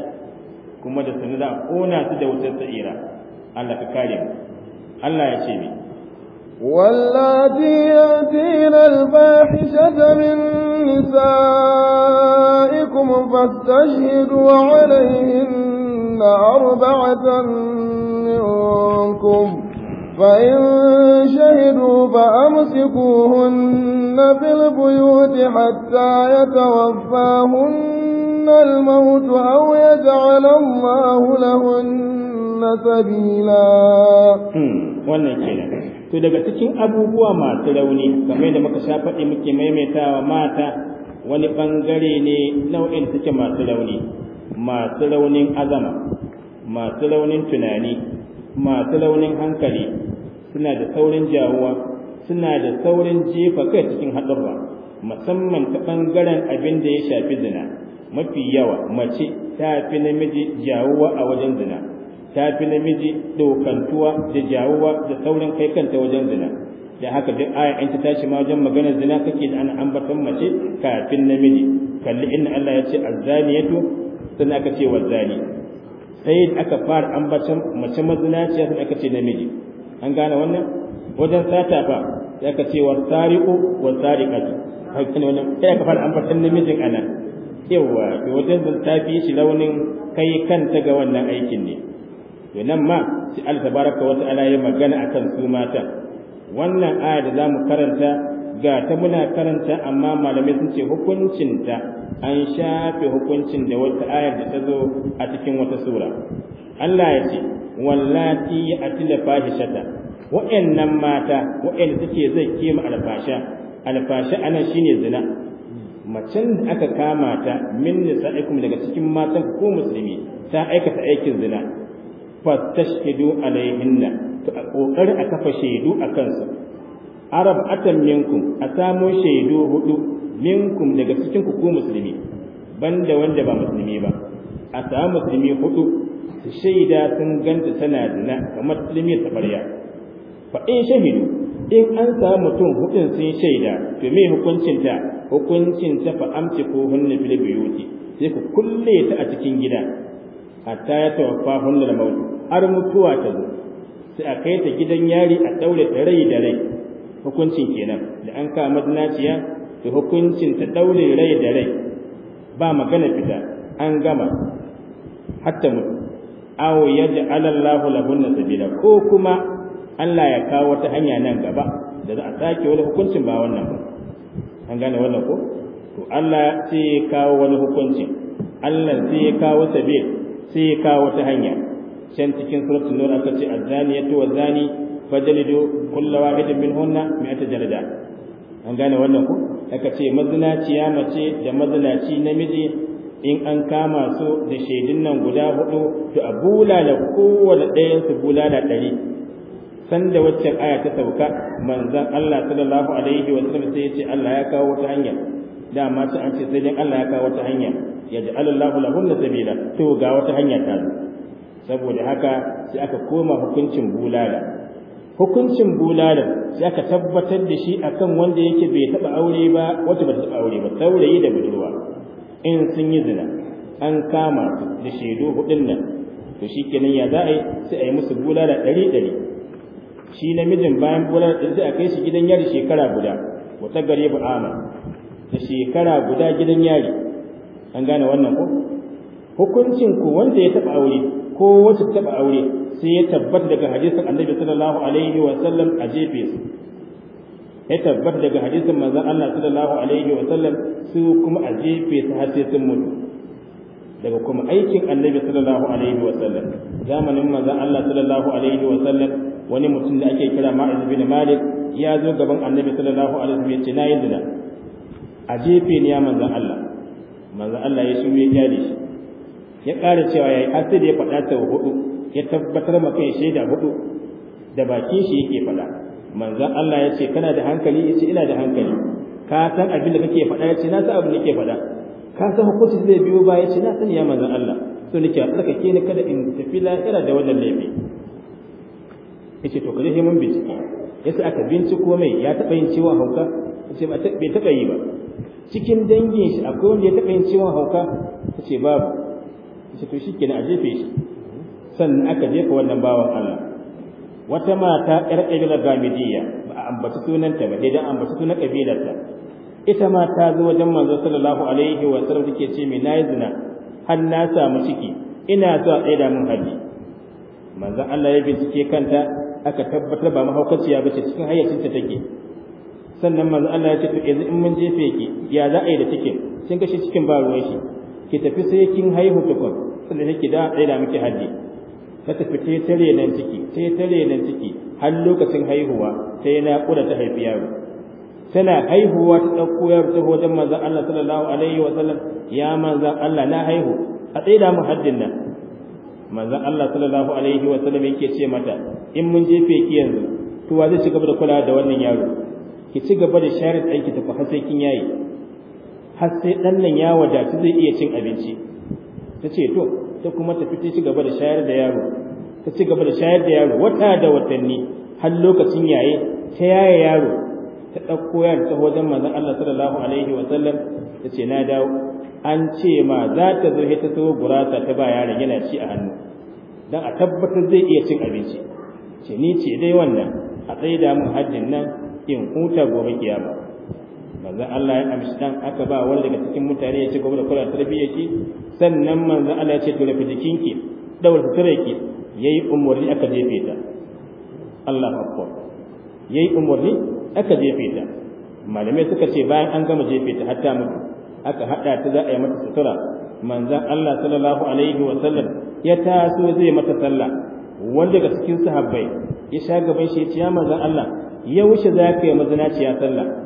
Speaker 1: kuma da sanin za a kona su da wutar sa'ira Allah ka kare mu Allah ya ce mi
Speaker 2: wallati yatina al-fahishata min nisaikum fastashhidu alayhinna منكم فإن شهدوا فأمسكوهن في البيوت حتى يتوفاهن الموت أو يجعل الله لهن سبيلا
Speaker 3: wannan kenan
Speaker 1: to daga cikin abubuwa masu rauni kamar yadda muka sha faɗi muke maimaitawa mata wani ɓangare ne nau'in suke masu rauni masu raunin azama masu raunin tunani masu launin hankali suna da saurin jawuwa suna da saurin jefa kai cikin haɗurra musamman ta ɓangaren abin da ya shafi zina mafi yawa mace ta fi namiji jawuwa a wajen zina ta fi namiji dokantuwa da jawuwa da saurin kai kanta wajen zina da haka duk aya an ta tashi ma wajen maganar zina kake da ana ambaton mace kafin namiji kalli inna Allah ya ce azzaniyatu sannan aka ce wazzani sai aka fara ambatan mace mazinaciya sai aka ce namiji an gane wannan wajen sata fa sai aka ce wa tariqu wa sariqatu hakkin wannan sai aka fara ambatan namijin anan yawa to wajen fi shi launin kai kanta ga wannan aikin ne to nan ma sai Allah tabaraka wa ta'ala ya magana akan su mata wannan aya da zamu karanta ga ta muna karanta amma malamai sun ce hukuncinta an shafe hukuncin da wata ayar da ta zo a cikin wata sura Allah ya ce wallati atila fahishata wa'annan mata wa'anda suke zai kima alfasha alfasha anan shine zina macen da aka kama ta min nisa'ikum daga cikin matan ko musulmi ta aikata aikin zina fa tashhidu alaihinna to a kokari a kafa shaidu akan su arab atan minkum a samo shaidu hudu minkum daga cikin ku musulmi banda wanda ba musulmi ba a samu musulmi hudu su shaida sun ganta tana na kamar musulmi ta farya fa in shahidu in an samu mutum hudun sun shaida to me hukuncin ta hukuncin ta fa amci ko hunna fil buyuti sai ku kulle ta a cikin gida hatta ya tawaffa hunna da mautu har mutuwa ta zo sai a kai ta gidan yari a daure ta rai da rai hukuncin kenan da an kama madinaciya da hukuncin ta daure rai da rai ba magana fita an gama hatta mu aw yaj'al alallahu lahunna sabila ko kuma Allah ya kawo wata hanya nan gaba da za a sake wani hukuncin ba wannan ba an gane wannan ko to Allah sai ya kawo wani hukuncin Allah sai ya kawo sabil sai ya kawo wata hanya can cikin suratul nur aka ce azaniyatu wazani fajalidu kullu wahidin hunna mi'ata jalada an gane wannan ku aka ce mazinaciya mace da mazinaci namiji in an kama su da shaidun nan guda hudu to a bulala kowane ɗayan su bulala ɗari sanda waccan aya ta sauka manzon Allah sallallahu alaihi wa sallam sai ya ce Allah ya kawo wata hanya ma sai an ce sai dai Allah ya kawo wata hanya yaj'alallahu lahunna sabila to ga wata hanya ta saboda haka sai aka koma hukuncin bulala hukuncin bulalar sai aka tabbatar da shi akan wanda yake bai taba aure ba wata ba taba aure ba saurayi da budurwa in sun yi zina an kama su da shaidu hudun nan to shikenan ya za a yi sai a yi musu bulala ɗari ɗari shi namijin bayan bulala ɗari sai a kai shi gidan yari shekara guda wata gare bu ama da shekara guda gidan yari an gane wannan ko hukuncin ku wanda ya taba aure ko wacce ta taba aure sai ya tabbata daga hadisin annabi sallallahu alaihi wa sallam a jefe su ya tabbata daga hadisin manzon Allah sallallahu alaihi wa sallam su kuma a jefe su har sai sun mutu daga kuma aikin annabi sallallahu alaihi wa sallam zamanin manzon Allah sallallahu alaihi wa sallam wani mutum da ake kira Ma'iz bin Malik ya zo gaban annabi sallallahu alaihi wa sallam ya ce na yi dina a jefe ni ya manzon Allah manzon Allah ya shi ya kyale shi ya ƙara cewa ya yi asir da ya faɗa ta hudu ya tabbatar ma kai shaida hudu da bakin shi yake faɗa manzan Allah ya ce kana da hankali ce ina da hankali ka san abin da kake faɗa ya ce, na san abin da kake faɗa ka san hukunci zai biyo ba ya ce, na sani ya manzan Allah so nake a tsarkake ni kada in tafi lahira da wannan laifi ce to kaje mun bincike sa aka binciko mai ya taɓa yin ciwon hauka ce bai taɓa yi ba cikin dangin shi akwai wanda ya taɓa yin ciwon hauka ce babu ita to shikenan a jefe shi sannan aka jefa wannan bawan Allah wata mata ƴar ƙabilar Gamidiya ba a ambaci sunanta ba dai dan ambaci sunan ta ita ma ta zo wajen manzo sallallahu alaihi wa sallam take ce mai nayi zina har na samu ciki ina so a tsaida min haji manzo Allah ya bincike kanta aka tabbatar ba mahaukaciya bace cikin hayyacinta take sannan manzo Allah ya ce to yanzu in mun jefe ki ya za a yi da cikin kin ga cikin ba ruwan shi ki tafi sai kin haihu tukun sannan ki da da miki haddi ta tafi ta tare nan ciki ta tare nan ciki har lokacin haihuwa sai na kura ta haifi yaro tana haihuwa ta dauko yaro ta wajen manzon Allah sallallahu alaihi wa sallam ya manzon Allah na haihu a tsaida mu haddin nan manzon Allah sallallahu alaihi wa sallam yake ce mata in mun jefe ki yanzu to wa zai ci gaba da kula da wannan yaro ki ci gaba da share ɗanki ta fa sai kin yayi har sai ɗan nan ya wadatu zai iya cin abinci ta ce to ta kuma tafi ta ci gaba da shayar da yaro ta ci gaba da shayar da yaro wata da watanni har lokacin yaye ta yaye yaro ta ɗauko yaro ta wajen manzon Allah sallallahu alaihi wa sallam ta ce na dawo an ce ma za ta zo ta so gurasa ta ba yaron yana ci a hannu dan a tabbatar zai iya cin abinci ce ni ce dai wannan a tsaida mun haddin nan in huta gobe kiyama manzan Allah ya amshi dan aka ba wani daga cikin mutane ya ce gobe da kula tarbiyya ki sannan manzan Allah ya ce to jikin ki daura sutura ki yayi umarni aka jefe ta Allah akbar yayi umarni aka jefe ta malamai suka ce bayan an gama jefe ta hatta mutu aka hada ta za a yi mata sutura Manzan Allah sallallahu alaihi wa sallam ya taso zai mata sallah wanda daga cikin sahabbai ya sha gaban shi ya ce ya manzan Allah ya wuce za ka yi mazinaciya sallah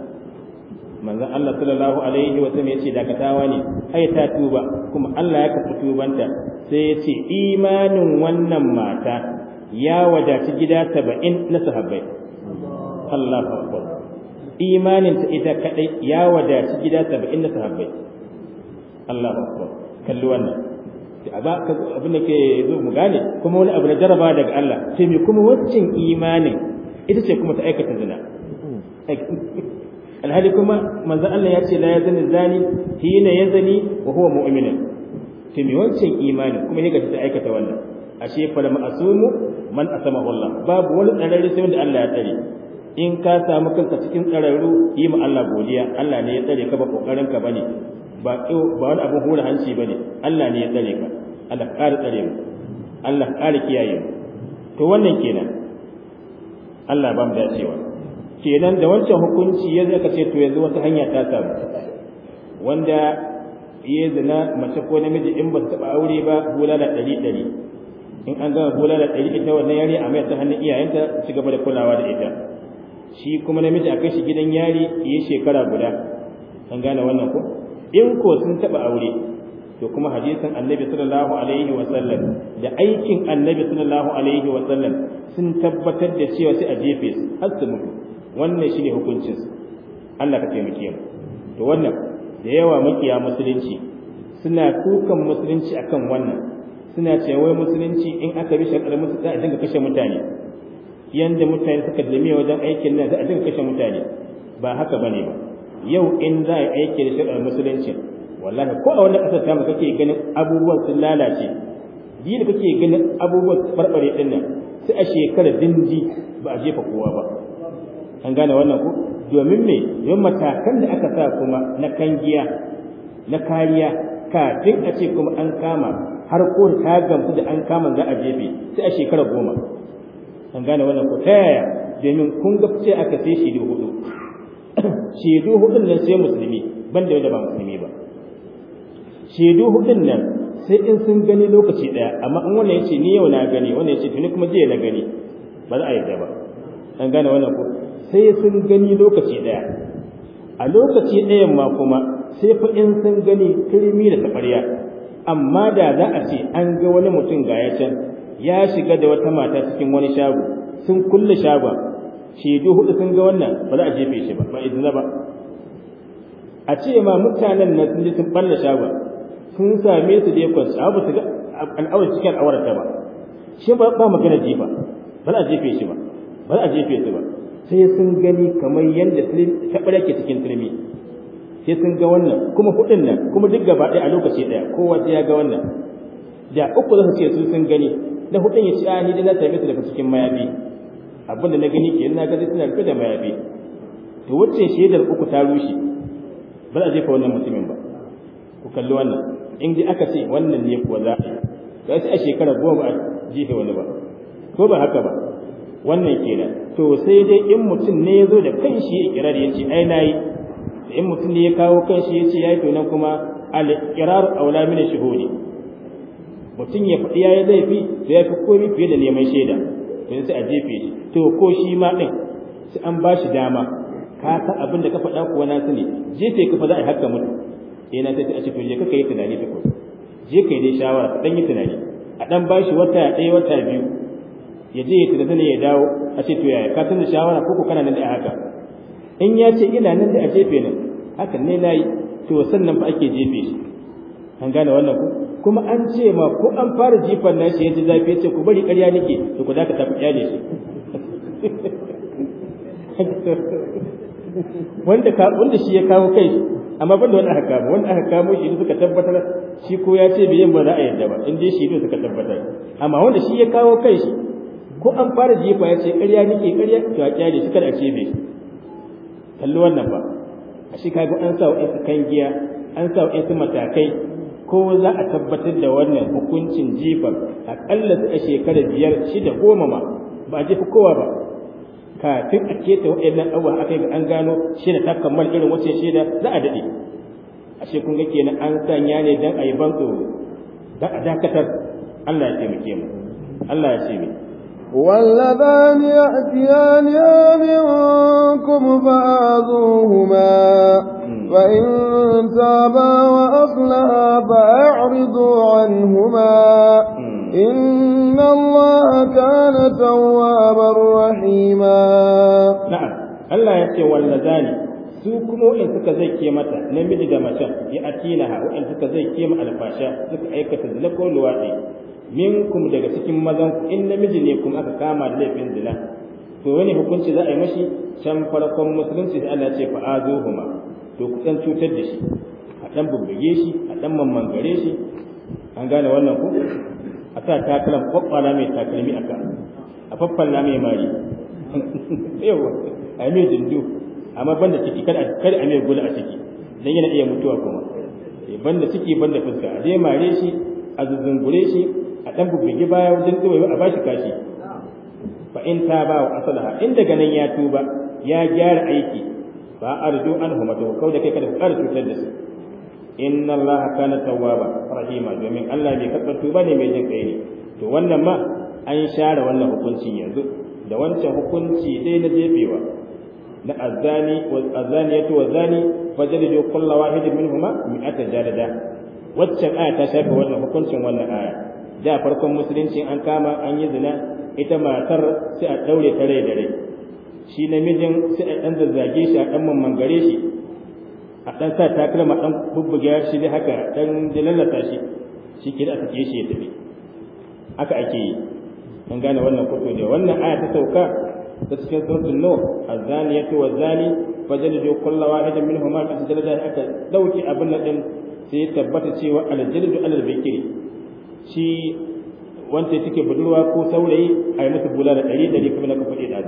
Speaker 1: manzan Allah sallallahu alaihi wa sallam yace dakatawa ne ai ta tuba kuma Allah ya kafa tubanta sai yace imanin wannan mata ya wadaci gida 70 na sahabbai Allahu akbar imanin ta ita kadai ya wadaci gida 70 na sahabbai Allahu akbar kalli wannan ba abin da ke zo mu gane kuma wani abu na jaraba daga Allah sai me kuma waccin imanin ita ce kuma ta aikata zina hmm. (laughs) alhali kuma manzo Allah ya ce la yazani zani hina yazani wa huwa mu'min to me wancan imani kuma ne ga ta aikata wannan ashe fala ma'sumu man asama Allah babu wani tsararre sai wanda Allah ya tsare in ka samu kanka cikin tsararru yi ma Allah godiya Allah ne ya tsare ka ba kokarin ka bane ba ba wani abu hura hanci bane Allah ne ya tsare ka Allah ƙara tsare mu Allah ƙara kiyaye mu to wannan kenan Allah ba mu dacewa kenan da wancan hukunci ya zaka ce to yanzu wata hanya ta samu wanda ya zina mace ko namiji in ba taɓa aure ba da ɗari ɗari in an gama da ɗari ita wannan yari a mai ta hannun iyayenta ci gaba da kulawa da ita shi kuma namiji a kai shi gidan yari ya shekara guda an gane wannan ko in ko sun taɓa aure to kuma hadisin annabi sallallahu alaihi wa sallam da aikin annabi sallallahu alaihi wa sallam sun tabbatar da cewa sai a jefe su har su mutu wannan shine hukuncin Allah ka taimake mu to wannan da yawa makiya musulunci suna kukan musulunci akan wannan suna cewa wai musulunci in aka bi shakar musu za a dinga kashe mutane yanda mutane suka dame wajen aikin nan za a dinga kashe mutane ba haka bane ba yau in za a aiki da shakar musulunci wallahi ko a wannan kasar tamu kake ganin abubuwan sun lalace biyu da kake ganin abubuwan barbare din nan sai a shekarar dinji ba a jefa kowa ba an gane wannan ku domin me yin matakan da aka sa kuma na kangiya na kariya kafin a ce kuma an kama har ko ta gamsu da an kama za a jefe sai a shekara goma an gane wannan ku ta yaya domin kun ga ce aka sai shi hudu (coughs) shaidu hudun nan sai musulmi ban da wanda ba musulmi ba shaidu hudun nan sai in sun gani lokaci daya amma in wannan yace ni yau na gani wannan yace tuni kuma jiya na gani ba za a yarda ba an gane wannan ku. sai sun gani lokaci daya a lokaci ɗayan ma kuma sai fa in sun gani turmi da tafariya amma da za a ce an ga wani mutum ga ya can ya shiga da wata mata cikin wani shago sun kulle shagon shaidu hudu sun ga wannan ba za a jefe shi ba ba idan ba a ce ma mutanen nan sun je sun balle shagon sun same su da ya kwanci abu su ga al'awar cikin al'awar ta ba shi ba magana jefa ba za a jefe shi ba ba za a jefe su ba sai sun gani kamar yadda taɓar ke cikin turmi sai sun ga wannan kuma hudun nan kuma duk gaba ɗaya a lokaci ɗaya kowa sai ya ga wannan da uku za su ce sun sun gani na hudun ya ci a ah, ni na tafi su daga cikin mayafi abin da na gani ke na gaji suna rufe da mayafi to wacce shaidar uku ta rushe ba za a jefa wannan mutumin ba ku kalli wannan in dai aka ce wannan ne kuwa za a yi sai a shekara goma ba a jefa wani ba ko ba haka ba wannan kenan to sai dai in mutum ne ya zo da kanshi ya ikirar ya ce ai nayi in mutum ne ya kawo kanshi ya ce yayi to nan kuma al-iqrar aula min shuhudi mutum ya faɗi yayi laifi to ya fi komai fiye da neman shaida to sai a jefe shi to ko shi ma din sai an ba shi dama ka ta abin da ka faɗa kuwa na sani jefe ka fa za a hakka mutu eh na sai a ce to je ka kai tunani ko je kai dai shawara dan yi tunani a dan ba shi wata ɗaya wata biyu ya je ya tada ne ya dawo a ce to yaya ka tunda shawara ko kana nan da haka in ya ce ina nan da a jefe nan hakan ne nayi to sannan fa ake jefe shi an gane wannan ku kuma an ce ma ko an fara jifan shi ya ji zafi ya ce ku bari ƙarya nake to ku zaka tafi kyale shi (laughs) wanda ka wanda shi ya kawo kai amma ban da wanda aka kamo wanda aka kawo shi suka tabbatar shi ko ya ce bai yin ba za a yarda ba in dai shi suka tabbatar amma wanda shi ya kawo kai shi ko an fara jefa ya ce ƙarya nike ƙarya to a kyale shi kada a ce mai kalli wannan ba a shi kaga an sa wa'ansu kangiya an sa su matakai ko za a tabbatar da wannan hukuncin A aƙalla su a shekara biyar shida goma ma ba a jefa kowa ba kafin a keta wa'annan abubuwa aka ga an gano shida ta kammal irin wacce shida za a daɗe A kun ga kenan an sanya ne don a yi ban tsoro dan a dakatar Allah ya taimake mu Allah ya ce mu
Speaker 2: واللذان يأتيانها منكم فآذوهما فإن تابا وأصلها فأعرضوا عنهما إن الله كان توابا رحيما نعم الله يأتي واللذان
Speaker 1: su kuma wa'in suka ke mata namiji da macen ya atinaha wa'in suka zai ke ma alfasha suka aikata zina ko luwaɗi minkum daga cikin mazan ku in namiji ne kuma aka kama da laifin zina to wani hukunci za a yi mashi can farkon musulunci da Allah ce fa azuhuma to ku san cutar da shi a dan bubbuge shi a dan mammangare shi an gane wannan ku a sa takalan kwakwala mai takalmi a kan a faffalla mai mari (laughs) yawa a mai dindu amma banda ciki kada a mai gula a ciki dan yana iya mutuwa kuma eh, banda ciki banda fuska a dai mare shi a zuzungure shi a ɗan bubbuge baya wajen zuwa a bashi kashi fa in ta ba wa asalaha in daga nan ya tuba ya gyara aiki ba a arju an matu kawai da kai kada ku ƙara cutar da su inna Allah kana tawwaba rahima domin Allah bai karɓar tuba ne mai jin kai ne to wannan ma an share wannan hukuncin yanzu da wancan hukunci dai na jefewa na azani wa azaniyatu wa zani fajlidu kullu wahidin huma mi'ata jalada waccan aya ta shafe wannan hukuncin wannan aya da farkon musulunci an kama an yi zina ita matar sai a daure ta rai da rai shi namijin sai a dan zazzage shi a dan mammangare shi a dan sa takalma dan bubbuga shi da haka dan lalata shi shi ke da take shi ya tafi haka ake yi an gane wannan kuto da wannan aya ta sauka ta cikin suratul nur az-zaniyatu waz-zani fajlidu kullu wahidin minhumma fi jaldatin aka dauki abin nan din sai tabbata cewa al alal bikri shi wanda take budurwa ko saurayi a yi masa bula da ɗari ɗari kuma na ka faɗi da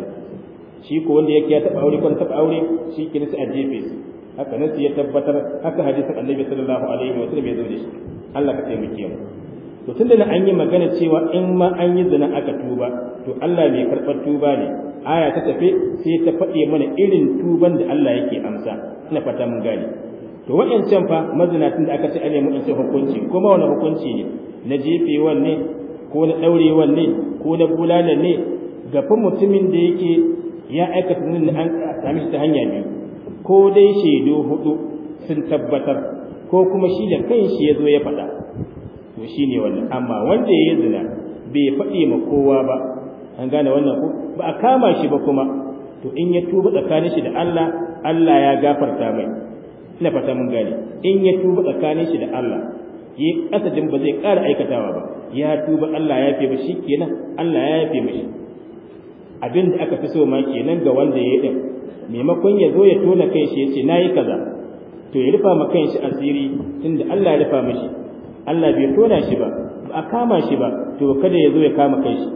Speaker 1: shi ko wanda yake ya taɓa aure ko taɓa aure shi ke nasa a jefe su haka nasu ya tabbatar haka hadisin annabi sallallahu alaihi wa sallam ya zo da shi Allah ka taimake mu to tunda na an yi magana cewa in ma an yi zina aka tuba to Allah mai karɓar tuba ne aya ta tafi sai ta faɗe mana irin tuban da Allah yake amsa ina fata mun gane to wayancan fa mazinatin da aka ce a yi mutunci hukunci kuma wani hukunci ne na jefe wanne? ko na daure wanne? ko na bulala ne ga fa mutumin da yake ya aikata nan an sami shi ta hanya biyu ko dai shaidu hudu sun tabbatar ko kuma shi da kanshi ya zo ya faɗa to shi ne wannan amma wanda ya yi zina bai faɗi ma kowa ba an gane wannan ko ba a kama shi ba kuma to in ya tuba tsakanin shi da Allah Allah ya gafarta mai ina fata mun gane in ya tuba tsakanin shi da Allah yi kasadin ba zai ƙara aikatawa ba ya tuba Allah ya fi ba shi kenan Allah ya fi mishi abin da aka fi so ma kenan ga wanda ya yi maimakon ya zo ya tona kai shi ya ce na yi kaza to ya rufa ma kan shi asiri tunda Allah ya rufa mishi Allah bai tona shi ba ba a kama shi ba to kada ya zo ya kama kai shi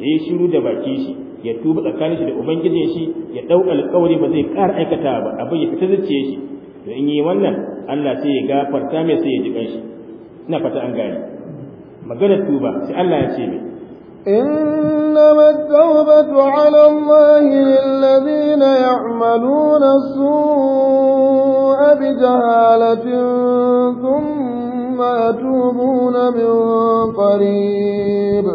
Speaker 1: ya yi shiru da baki shi ya tuba tsakanin shi da ubangijin shi ya dau alƙawari ba zai ƙara aikatawa ba abin ya fita zuciyar shi to in yi wannan Allah sai ya gafarta mai sai ya ji kanshi ina fata an gane maganar tuba sai Allah ya
Speaker 3: ce mai
Speaker 2: إنما التوبة على الله للذين يعملون السوء بجهالة ثم يتوبون من قريب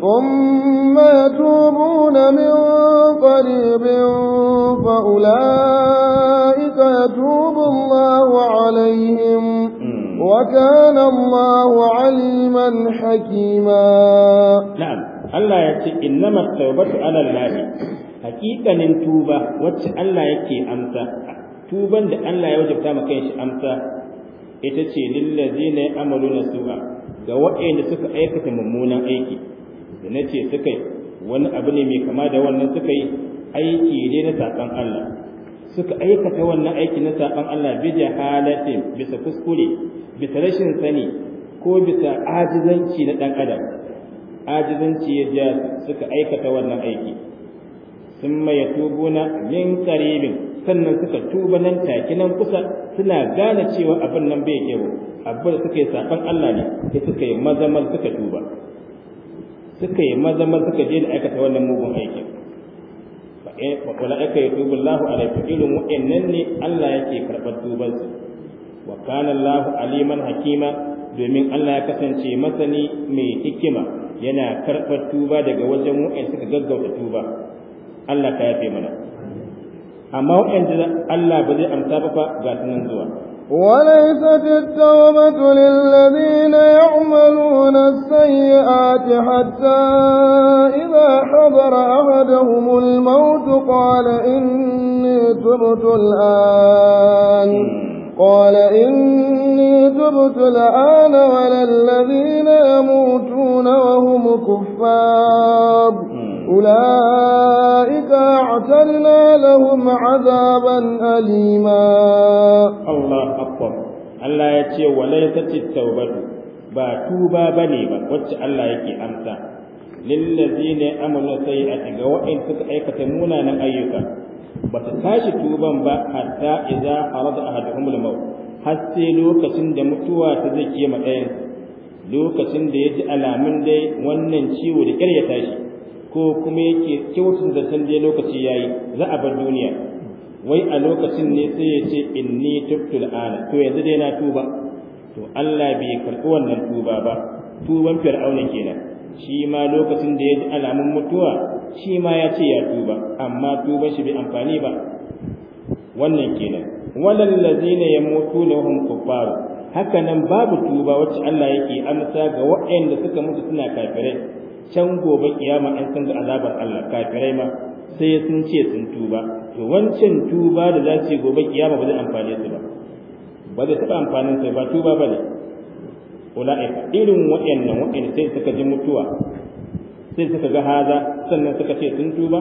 Speaker 2: ثم يتوبون من قريب فأولئك يتوب الله عليهم وكان الله عليما حكيما
Speaker 1: نعم الله يأتي إنما التوبة على الله حقيقة من توبة وش الله يكي توبة توبا الله يوجب تاما كيش أمسا يتشي للذين يعملون سوءا ga waɗanda أيكة ممونا mummunan aiki سكي na أبني ميكما yi wani أيكي ne mai الله suka aikata wannan aiki na saban Allah bi jahalatin bisa kuskure bisa rashin sani ko bisa ajizanci na dan adam ajizanci ya ja suka aikata wannan aiki Sun maye tubuna min qaribin sannan suka tuba nan take nan kusa suna gane cewa abin nan bai kyau abin da suka yi saban Allah ne sai suka yi maza suka tuba suka yi maza suka je da aikata wannan mugun aikin Eh, wala aka yi tubu Allahu alaihi irin wa'annan ne Allah yake karɓar tubansu wa kana Allahu aliman hakima domin Allah ya kasance masani mai hikima yana karɓar tuba daga wajen wa'in suka gaggauta tuba Allah ka yafe mana amma wa'anda Allah ba zai amsa ba ga sunan zuwa
Speaker 2: وليست التوبة للذين يعملون السيئات حتى إذا حضر أحدهم الموت قال إني تبت الآن قال إني تبت الآن ولا الذين يموتون وهم كفار أولئك أعتلنا لهم عذابا أليما الله أكبر
Speaker 1: الله يتي وليس التوبة باتوبة بنيبة واتش الله يكي أمسا للذين أمن سيئة وإن تتعيك تمونا من أيك بتتاشي توبا با حتى إذا أراد أحدهم الموت حتى لوكسن دمتوا تزكي تذكي lokacin da ya ji alamun dai wannan ciwo da ƙyar ko kuma yake kyautun da can dai lokaci ya yi za a bar duniya wai a lokacin ne sai ya ce inni tubtu al'ana to yanzu dai na tuba to Allah bai karɓi wannan tuba ba tuban fir'auna kenan shi ma lokacin da ya ji alamun mutuwa shi ma ya ce ya tuba amma tuban shi bai amfani ba wannan kenan walal ladina yamutuna hum kuffar haka nan babu tuba wacce Allah yake amsa ga wa'anda suka mutu suna kafirai can gobe kiyama an san da azabar Allah kafirai ma sai sun ce sun tuba to wancan tuba da za su gobe kiyama ba zai amfane su ba ba zai taɓa amfanin su ba tuba ba ne ula'ika irin waɗannan waɗanda sai suka ji mutuwa sai suka ga haza sannan suka ce sun tuba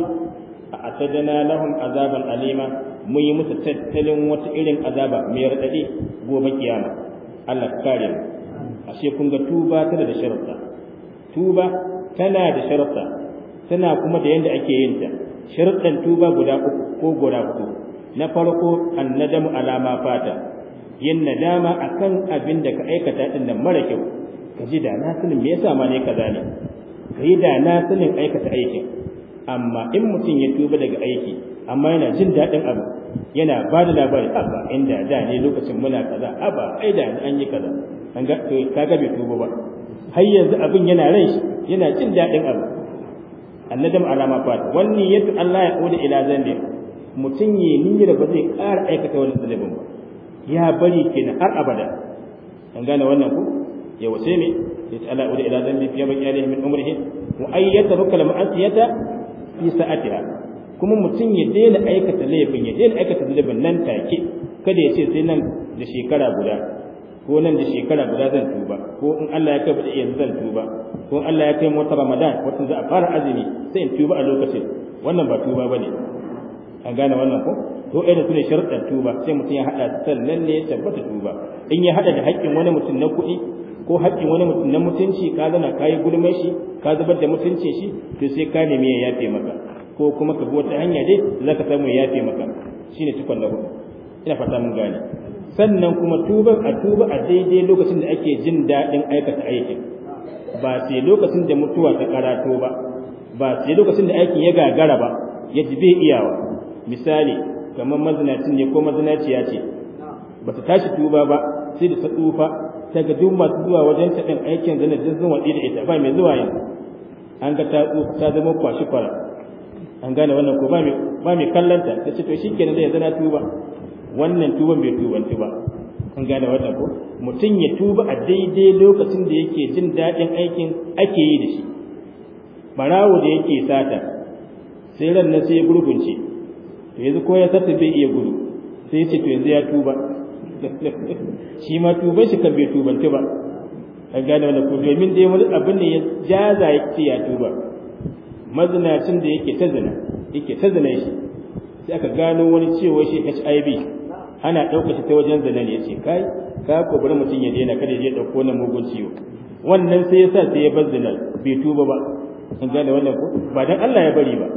Speaker 1: a atajana lahum azaban alima mun yi musu tattalin wata irin azaba mai raɗaɗi gobe kiyama Allah kare mu ashe kun ga tuba tana da sharuɗa tuba tana da sharuɗa tana kuma da yanda ake yin ta sharuɗan tuba guda uku ko guda uku na farko annadamu alama fata yin nadama akan abin da ka aikata din nan mara kyau ka ji da na sanin me yasa ma ne kaza ne ka yi da na sanin aikata aikin amma in mutum ya tuba daga aiki amma yana jin daɗin abu yana ba da labari abba inda da ne lokacin muna kaza abba ai da an yi kaza an ga to kaga bai tuba ba har yanzu abin yana ran shi yana jin daɗin abu annadam alama fa wani yadda Allah ya koda ila zambi mutum ya niyyar ba zai ƙara aikata wani zalibin ba ya bari kenan har abada an gane wannan ku ya wace ne ya ta Allah koda ila zambi fiye ba iyalihi min umrihi wa ayyata bakala ma'asiyata fi sa'atiha kuma mutum ya daina aikata laifin ya daina aikata zalibin nan take kada ya ce sai nan da shekara guda ko nan da shekara guda zan tuba ko in Allah ya kai bude yanzu zan tuba ko in Allah ya kai mota Ramadan wata za a fara azumi sai in tuba a lokacin wannan ba tuba bane an gane wannan ko to da sune sharuɗan tuba sai mutum ya hada sannan ne tabbata tuba in ya hada da haƙƙin wani mutum na kuɗi ko haƙƙin wani mutum na mutunci ka zana ka yi gulmai shi ka zubar da mutuncin shi to sai ka nemi ya yafe maka ko kuma ka bi wata hanya dai za ka samu ya yafe maka shine tukun na hudu ina fata mun gane sannan kuma tuban a tuba a daidai lokacin da ake jin daɗin aikata aikin ba sai lokacin da mutuwa ta karato ba ba sai lokacin da aikin ya gagara ba ya ji bai iyawa misali kamar mazinacin ne ko mazinaciya ce ba ta tashi tuba ba sai da ta tsufa ta ga duk masu zuwa wajen ta ɗin aikin zana jirgin waɗi da ita ba mai zuwa yanzu an ga ta ta zama kwashi fara an gane wannan ko ba mai kallanta ta ce to shi kenan da ya zana tuba wannan tuban bai tubanci ba kun gane wata ko mutum ya tuba a daidai lokacin da yake jin daɗin aikin ake yi da shi barawo da yake sata sai ran na sai ya gurgunce to yanzu ko ya sata bai iya gudu sai ya ce to yanzu ya tuba (laughs) shi ma tuban shi kan bai tubanci ba an gane wannan ko domin dai wani abin ne ya jaza ya ce ya tuba mazinacin da yake ta zina yake ta zina shi sai aka gano wani cewa shi HIV ana ɗauka shi ta wajen zane ne ce kai ka ko bari mutum ya daina kada ya ɗauko na mugun ciwo wannan sai ya sa sai ya bar zina bai tuba ba kun gane wannan ko ba dan Allah ya bari ba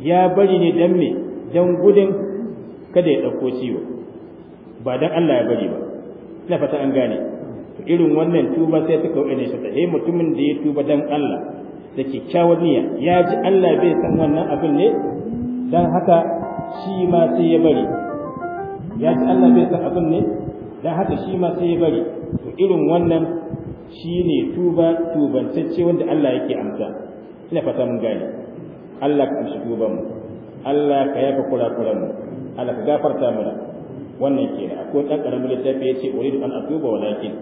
Speaker 1: ya bari ne dan me dan gudun kada ya ɗauko ciwo ba dan Allah ya bari ba ina fata an gane irin wannan tuba sai suka wa'ane shi ta mutumin da ya tuba dan Allah da kyakkyawar niyya ya ji Allah bai san wannan abin ne dan haka shi ma sai ya bari ya ci Allah bai san abin ne dan haka shi ma sai ya bari to irin wannan shine tuba tubantacce wanda Allah yake amsa ina fata mun gane Allah ka shi tuban mu Allah ka yafa kurakuran mu Allah ka gafarta mana wannan kenan akwai dan karamin littafi ce uridu an atuba walakin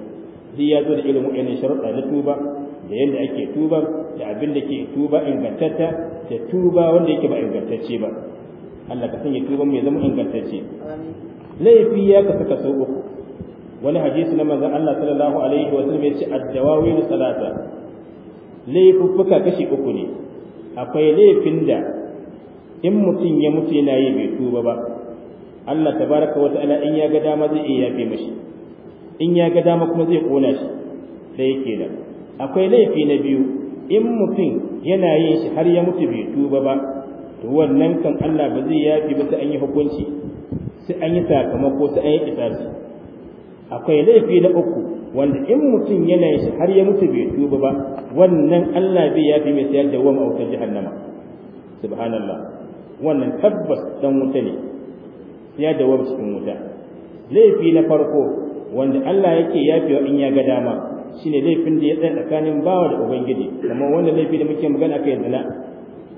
Speaker 1: shi ya zo da irin wa'annan sharuɗa na tuba da yadda ake tuba da abin da ke tuba ingantatta da tuba wanda yake ba ingantacce ba Allah ka sanya tuban mai zama ingantacce laifi ya kasu kaso uku wani hadisi na manzon Allah sallallahu alaihi wa sallam yace ad-dawawin salata laifuffuka kashi uku ne akwai laifin da in mutum ya mutu yana yi bai tuba ba Allah tabaraka wa ta'ala in ya ga dama zai iya yafe mashi in ya ga dama kuma zai kona shi da yake da akwai laifi na biyu in mutum yana yin shi har ya mutu bai tuba ba to wannan kan Allah ba zai yafe ba sai an yi hukunci sai an yi sakamako sai an yi kitasi akwai laifi na uku wanda in mutum yana yi har ya mutu bai tuba ba wannan Allah bai yafi mai sayar da wani autar jahannama subhanallah wannan tabbas dan wuta ne ya da wani cikin wuta laifi na farko wanda Allah yake yafewa in ya ga dama shine laifin da ya tsaya tsakanin bawa da ubangiji amma wannan laifi da muke magana kai na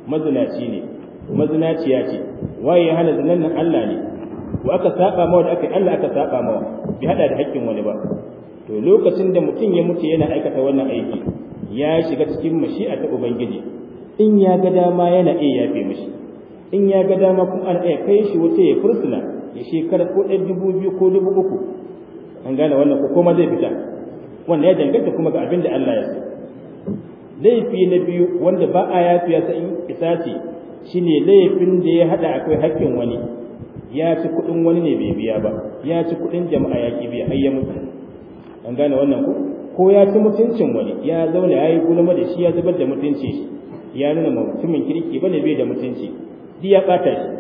Speaker 1: mazinaci ne mazinaciya ce waye ya hana Allah ne wa aka saba mawa da aka yi Allah aka saba mawa bi hada da haƙƙin wani ba to lokacin da mutum ya mutu yana aikata wannan aiki ya shiga cikin mashi'a ta ubangiji in ya ga dama yana iya yafe mashi in ya ga dama kuma ana iya kai shi wuce ya fursuna ya shekara ko ɗan dubu biyu ko dubu uku an gane wannan ko kuma zai fita wannan ya danganta kuma ga abin da Allah ya sa. laifi na biyu wanda ba a ya sa in isa shine laifin da ya hada akwai haƙƙin wani ya ci kuɗin wani ne bai biya ba ya ci kuɗin jama'a ya ki biya ai ya mutu an gane wannan ko ko ya ci mutuncin wani ya zauna ya yi gulma da shi ya zubar da mutunci ya nuna mutumin kirki ba ne bai da mutunci duk ya bata shi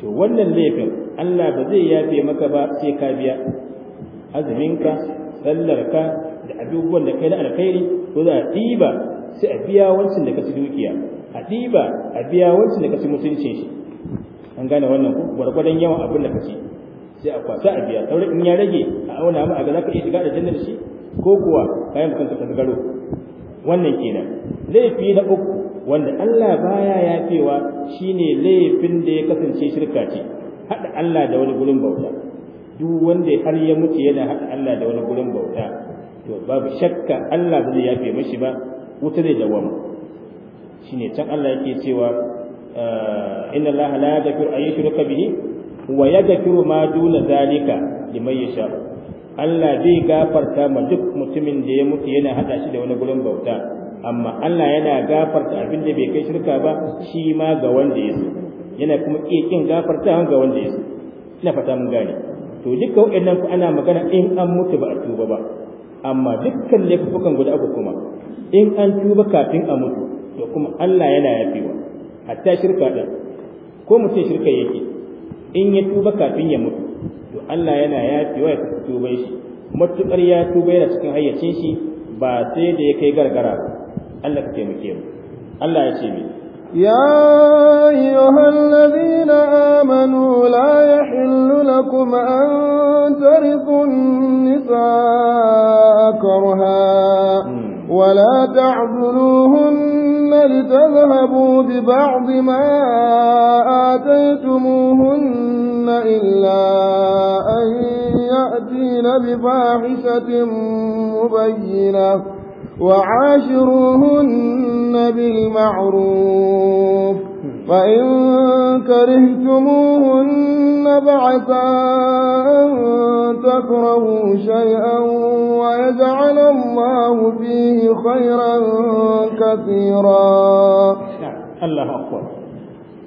Speaker 1: to wannan laifin Allah ba zai yafe maka ba sai ka biya azuminka sallarka da abubuwan da kai na alkhairi ko za a ɗiba sai a biya wancan da ka ci dukiya a ɗiba a biya wancan da ka ci mutuncin shi an gane wannan ko gwargwadon yawan abin da kace
Speaker 2: sai a kwasa a biya sauran
Speaker 1: in ya rage a auna mu a ga zaka iya shiga da jannar shi ko kuwa kayan kanka ta garo wannan kenan laifi na uku wanda Allah baya yafewa shine laifin da ya kasance shirka ce hada Allah da wani gurin bauta duk wanda har ya mutu yana hada Allah da wani gurin bauta to babu shakka Allah zai yafe mashi ba wuta da wamu shine can Allah yake cewa inna allaha la yaghfiru an yushraka bihi wa yaghfiru ma duna zalika liman yasha Allah zai gafarta ma duk mutumin da ya mutu yana hada shi da wani gurin bauta amma Allah yana gafarta abin da bai kai shirka ba shi ma ga wanda ya so yana kuma kikin gafarta ga wanda ya so ina fata mun gane to duka waɗannan ku ana magana in an mutu ba a tuba ba amma dukkan laifukan guda uku kuma in an tuba kafin a mutu to kuma Allah yana yafewa hatta shirka din ko mutum shirka yake in ya tuba kafin ya mutu to Allah yana wa ya tuba shi matukar ya tuba yana cikin hayyacin shi ba sai da ya kai gargara Allah ka taimake
Speaker 2: mu Allah ya ce mi يا أيها الذين آمنوا لا يحل لكم أن ترثوا النساء كرها ولا تعذلوهن لتذهبوا ببعض ما آتيتموهن إلا أن يأتين بفاحشة مبينة وعاشروهن بالمعروف فإن كرهتموهن بعثا أن تكرهوا شيئا ويجعل الله فيه خيرا كثيرا الله أكبر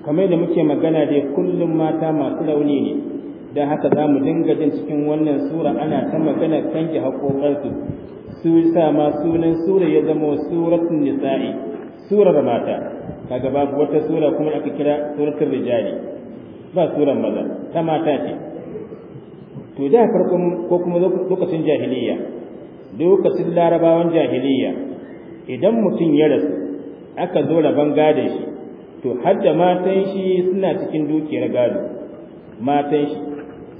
Speaker 1: kamar yadda muke magana dai kullum mata masu rauni ne don haka za mu dinga jin cikin wannan sura ana ta magana kanki haƙoƙarsu, su sa ma sunan sura ya zama suratun nisa'i surar mata kaga babu wata sura kuma aka kira suratul rijali ba surar maza ta mata ce to da farkon ko kuma lokacin jahiliya lokacin larabawan jahiliya idan mutum ya rasu aka zo rabon gadon shi to har da matan shi suna cikin dukiyar gado matan shi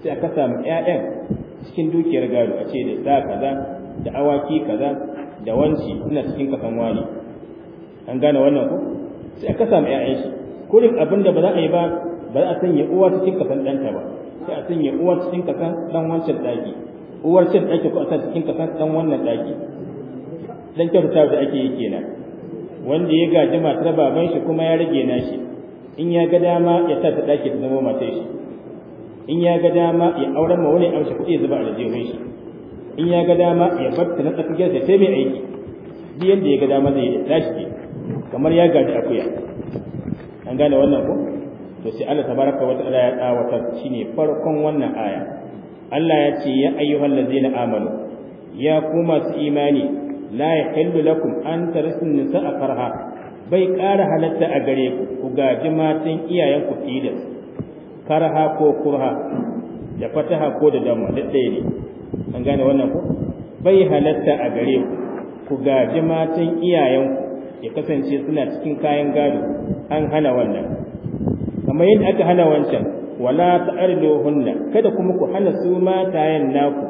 Speaker 1: sai aka samu ƴaƴan cikin dukiyar gado a ce da sa kaza da awaki kaza da wanci suna cikin kafan wani an gane wannan ko sai aka samu ƴaƴan shi kurin abin da ba za a yi ba ba za a sanya uwa cikin kasan ɗanta ba sai a sanya uwa cikin kasan ɗan wancan ɗaki uwar cin ɗaki ko a sa cikin kasan ɗan wannan ɗaki dan kyautata da ake yi kenan wanda ya gaji matar baban shi kuma ya rage na shi in ya ga dama ya sa ta ɗaki ta zama matar shi in ya ga dama ya auren ma wani amshi kuɗi ya zuba a jihun shi in ya ga dama ya fatta na tsakiyar da sai mai aiki duk da ya ga dama zai yi da tashi kamar ya gaji akuya an gane wannan ko to sai Allah tabaraka wa ta'ala ya tsawatar shine farkon wannan aya Allah ya ce ya ayyuhal ladzina amanu
Speaker 2: ya ku masu imani la yahillu lakum an tarisun nisa'a karha bai kara halatta a gare ku ku gaji matan iyayen ku tilas
Speaker 1: karha ko kurha da fataha ko da damu duk ɗaya ne an gane wannan ko bai halatta a gare ku ku gaji matan iyayen ku ya kasance suna cikin kayan gado an hana wannan kamar yadda aka hana wancan wala ta'arluhunna kada kuma ku hana su matayen naku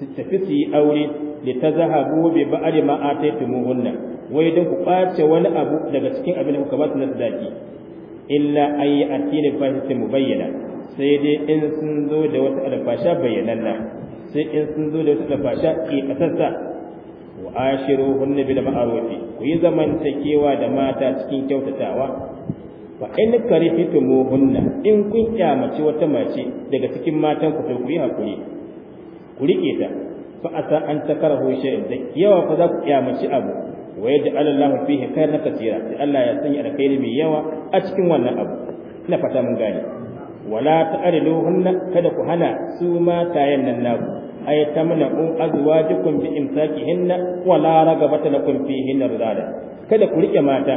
Speaker 1: su tafi su yi aure da ta zahabu a ba'ari ma ataytumuhunna wai don ku ɓace wani abu daga cikin abin da kuka ba su na sadaki illa ay atini fahimta mubayyana sai dai in sun zo da wata alfasha bayyananna sai in sun zo da wata alfasha ke wa ashiruhunna bil ma'ruf ku yi zamantakewa da mata cikin kyautatawa fa in hunna in kun kyamaci wata mace daga cikin matan ku ku yi hakuri ku rike ta fa asa an takarahu shay'in da yawa fa za ku kyamaci abu wa yaj'al Allah fihi khairan katira sai Allah ya sanya alkhairi mai yawa a cikin wannan abu ina fata mun gane wala ta'riluhunna kada ku hana su matayen nan naku ay tamna'u azwajukum bi imsakihinna wa la ragabata lakum fihinna ridada kada ku rike mata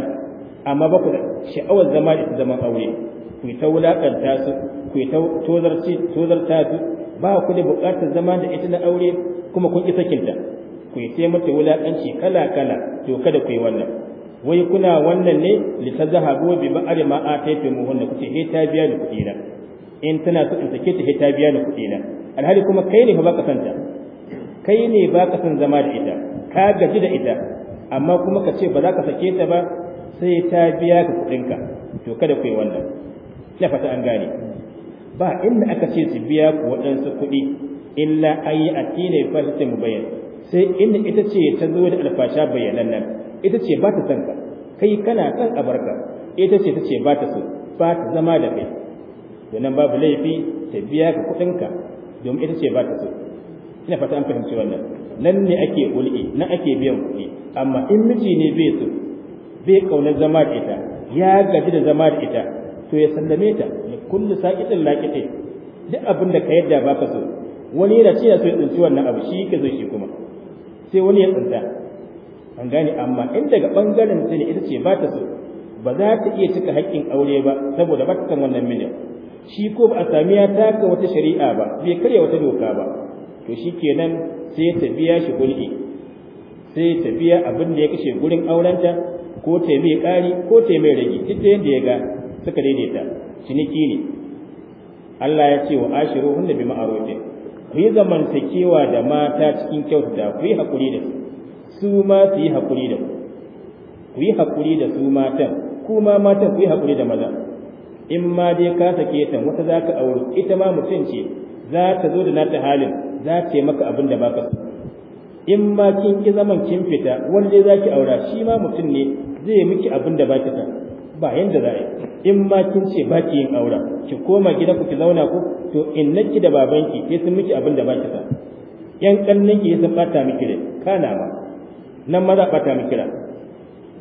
Speaker 1: amma ba ku da sha'awar zama da zaman aure ku ta wulakanta su ku ta tozarci tozarta su ba ku da buƙatar zama da ita na aure kuma kun ki sakinta ku yi sai mata wulakanci kala kala to kada ku yi wannan wai kuna wannan ne li zahabu bi ba'ri ma ataytumuhunna kuce he ta biya ni kuɗi na in tana so in sake ta he ta biya ni kuɗi na alhali kuma kai ne fa baka ta kai ne baka san zama da ita ka gaji da ita amma kuma ka ce ba za ka sake ta ba sai ta biya ka kuɗinka to kada ku yi wannan na fata an gane ba inda aka ce su biya ku waɗansu kuɗi illa an yi a tine mu bayan sai inda ita ce ta zo da alfasha bayanan nan ita ce ba ta san ka kai kana kan abarka ita ce ta ce ba ta so ba ta zama da kai to nan babu laifi ta biya ka kuɗinka domin ita ce ba ta so ina fata an fahimci wannan nan ne ake hulɗi nan ake biyan kuɗi amma in miji ne bai so bai kaunar zama da ita ya gaji da zama da ita to ya sallame ta ya kullu saqitin laqite duk abin da ka yadda ba ka so wani yana ce ya so ya tsinci wannan abu shi ka zo shi kuma sai wani ya tsinta an gane amma in daga bangaren ta ne ita ce ba ta so ba za ta iya cika haƙƙin aure ba saboda ba ta san wannan miliyan shi ko ba a sami ya taka wata shari'a ba bai karya wata doka ba to shi kenan sai ta biya shi gulki sai ta biya abin da ya kashe gurin aurenta ko ta mai ƙari ko ta mai rage duk yadda ya ga suka daidaita ciniki ne Allah ya ce wa ashiru hunna bi ma'arufin ku yi zamantakewa da mata cikin kyautata ku yi da su su ma su yi haƙuri da ku yi da su matan ku ma matan ku yi hakuri da maza in ma dai ka sake ta wata za ka aure ita ma mutum ce za ta zo da nata halin za ta yi maka abin da ba ka in ma kin ki zaman kin fita wanda za ki aura shi ma mutum ne zai yi miki abin da ba ki ta ba yanda za a in ma kin ce ba ki yin aura ki koma gida ku ki zauna ku to in naki da babanki ya sun miki abin da ba ki ta yan kannin ki ya sun bata miki da kana ma nan ma za bata miki da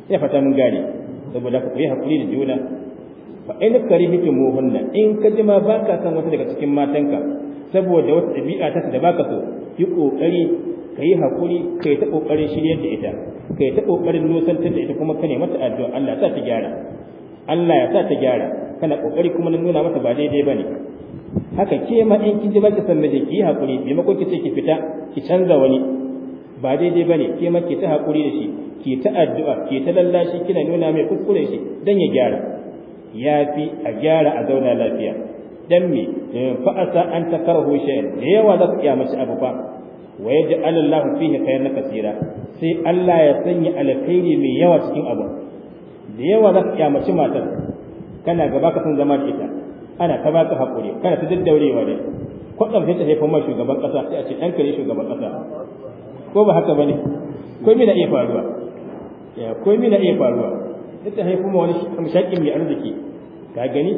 Speaker 1: sai fata mun gane saboda ku yi hakuri da juna fa in karihtu muhunna in ka jima baka san wata daga cikin matanka saboda wata dabi'a ta da baka so yi kokari ka yi hakuri ka yi ta kokarin shiryar da ita ka yi ta kokarin nusantar da ita kuma ka mata addu'a Allah sa ta gyara Allah ya sa ta gyara kana kokari kuma na nuna mata ba daidai bane haka ke ma in kin ji baki san miji ki yi hakuri maimakon ki ce ki fita ki canza wani ba daidai bane ke ma ke ta hakuri da shi ke ta addu'a ke ta lallashi kina nuna mai kuskure shi dan ya gyara ya fi a gyara a zauna lafiya dan me fa'asa an takarahu shay'an da yawa za ku kiyamaci abu fa wa yaj'al Allahu fihi khayran kaseera sai Allah ya sanya alkhairi mai yawa cikin abu da yawa za iya kiyamaci matar kana gaba ka san zama da ita ana ta baka hakuri kana ta daddaurewa dai kwatsam sai ta haifar ma shugaban kasa sai a ce ɗan kare shugaban kasa ko ba haka bane ko me na iya faruwa ko me na iya faruwa ta haifu kuma wani shaƙin mai arziki ka gani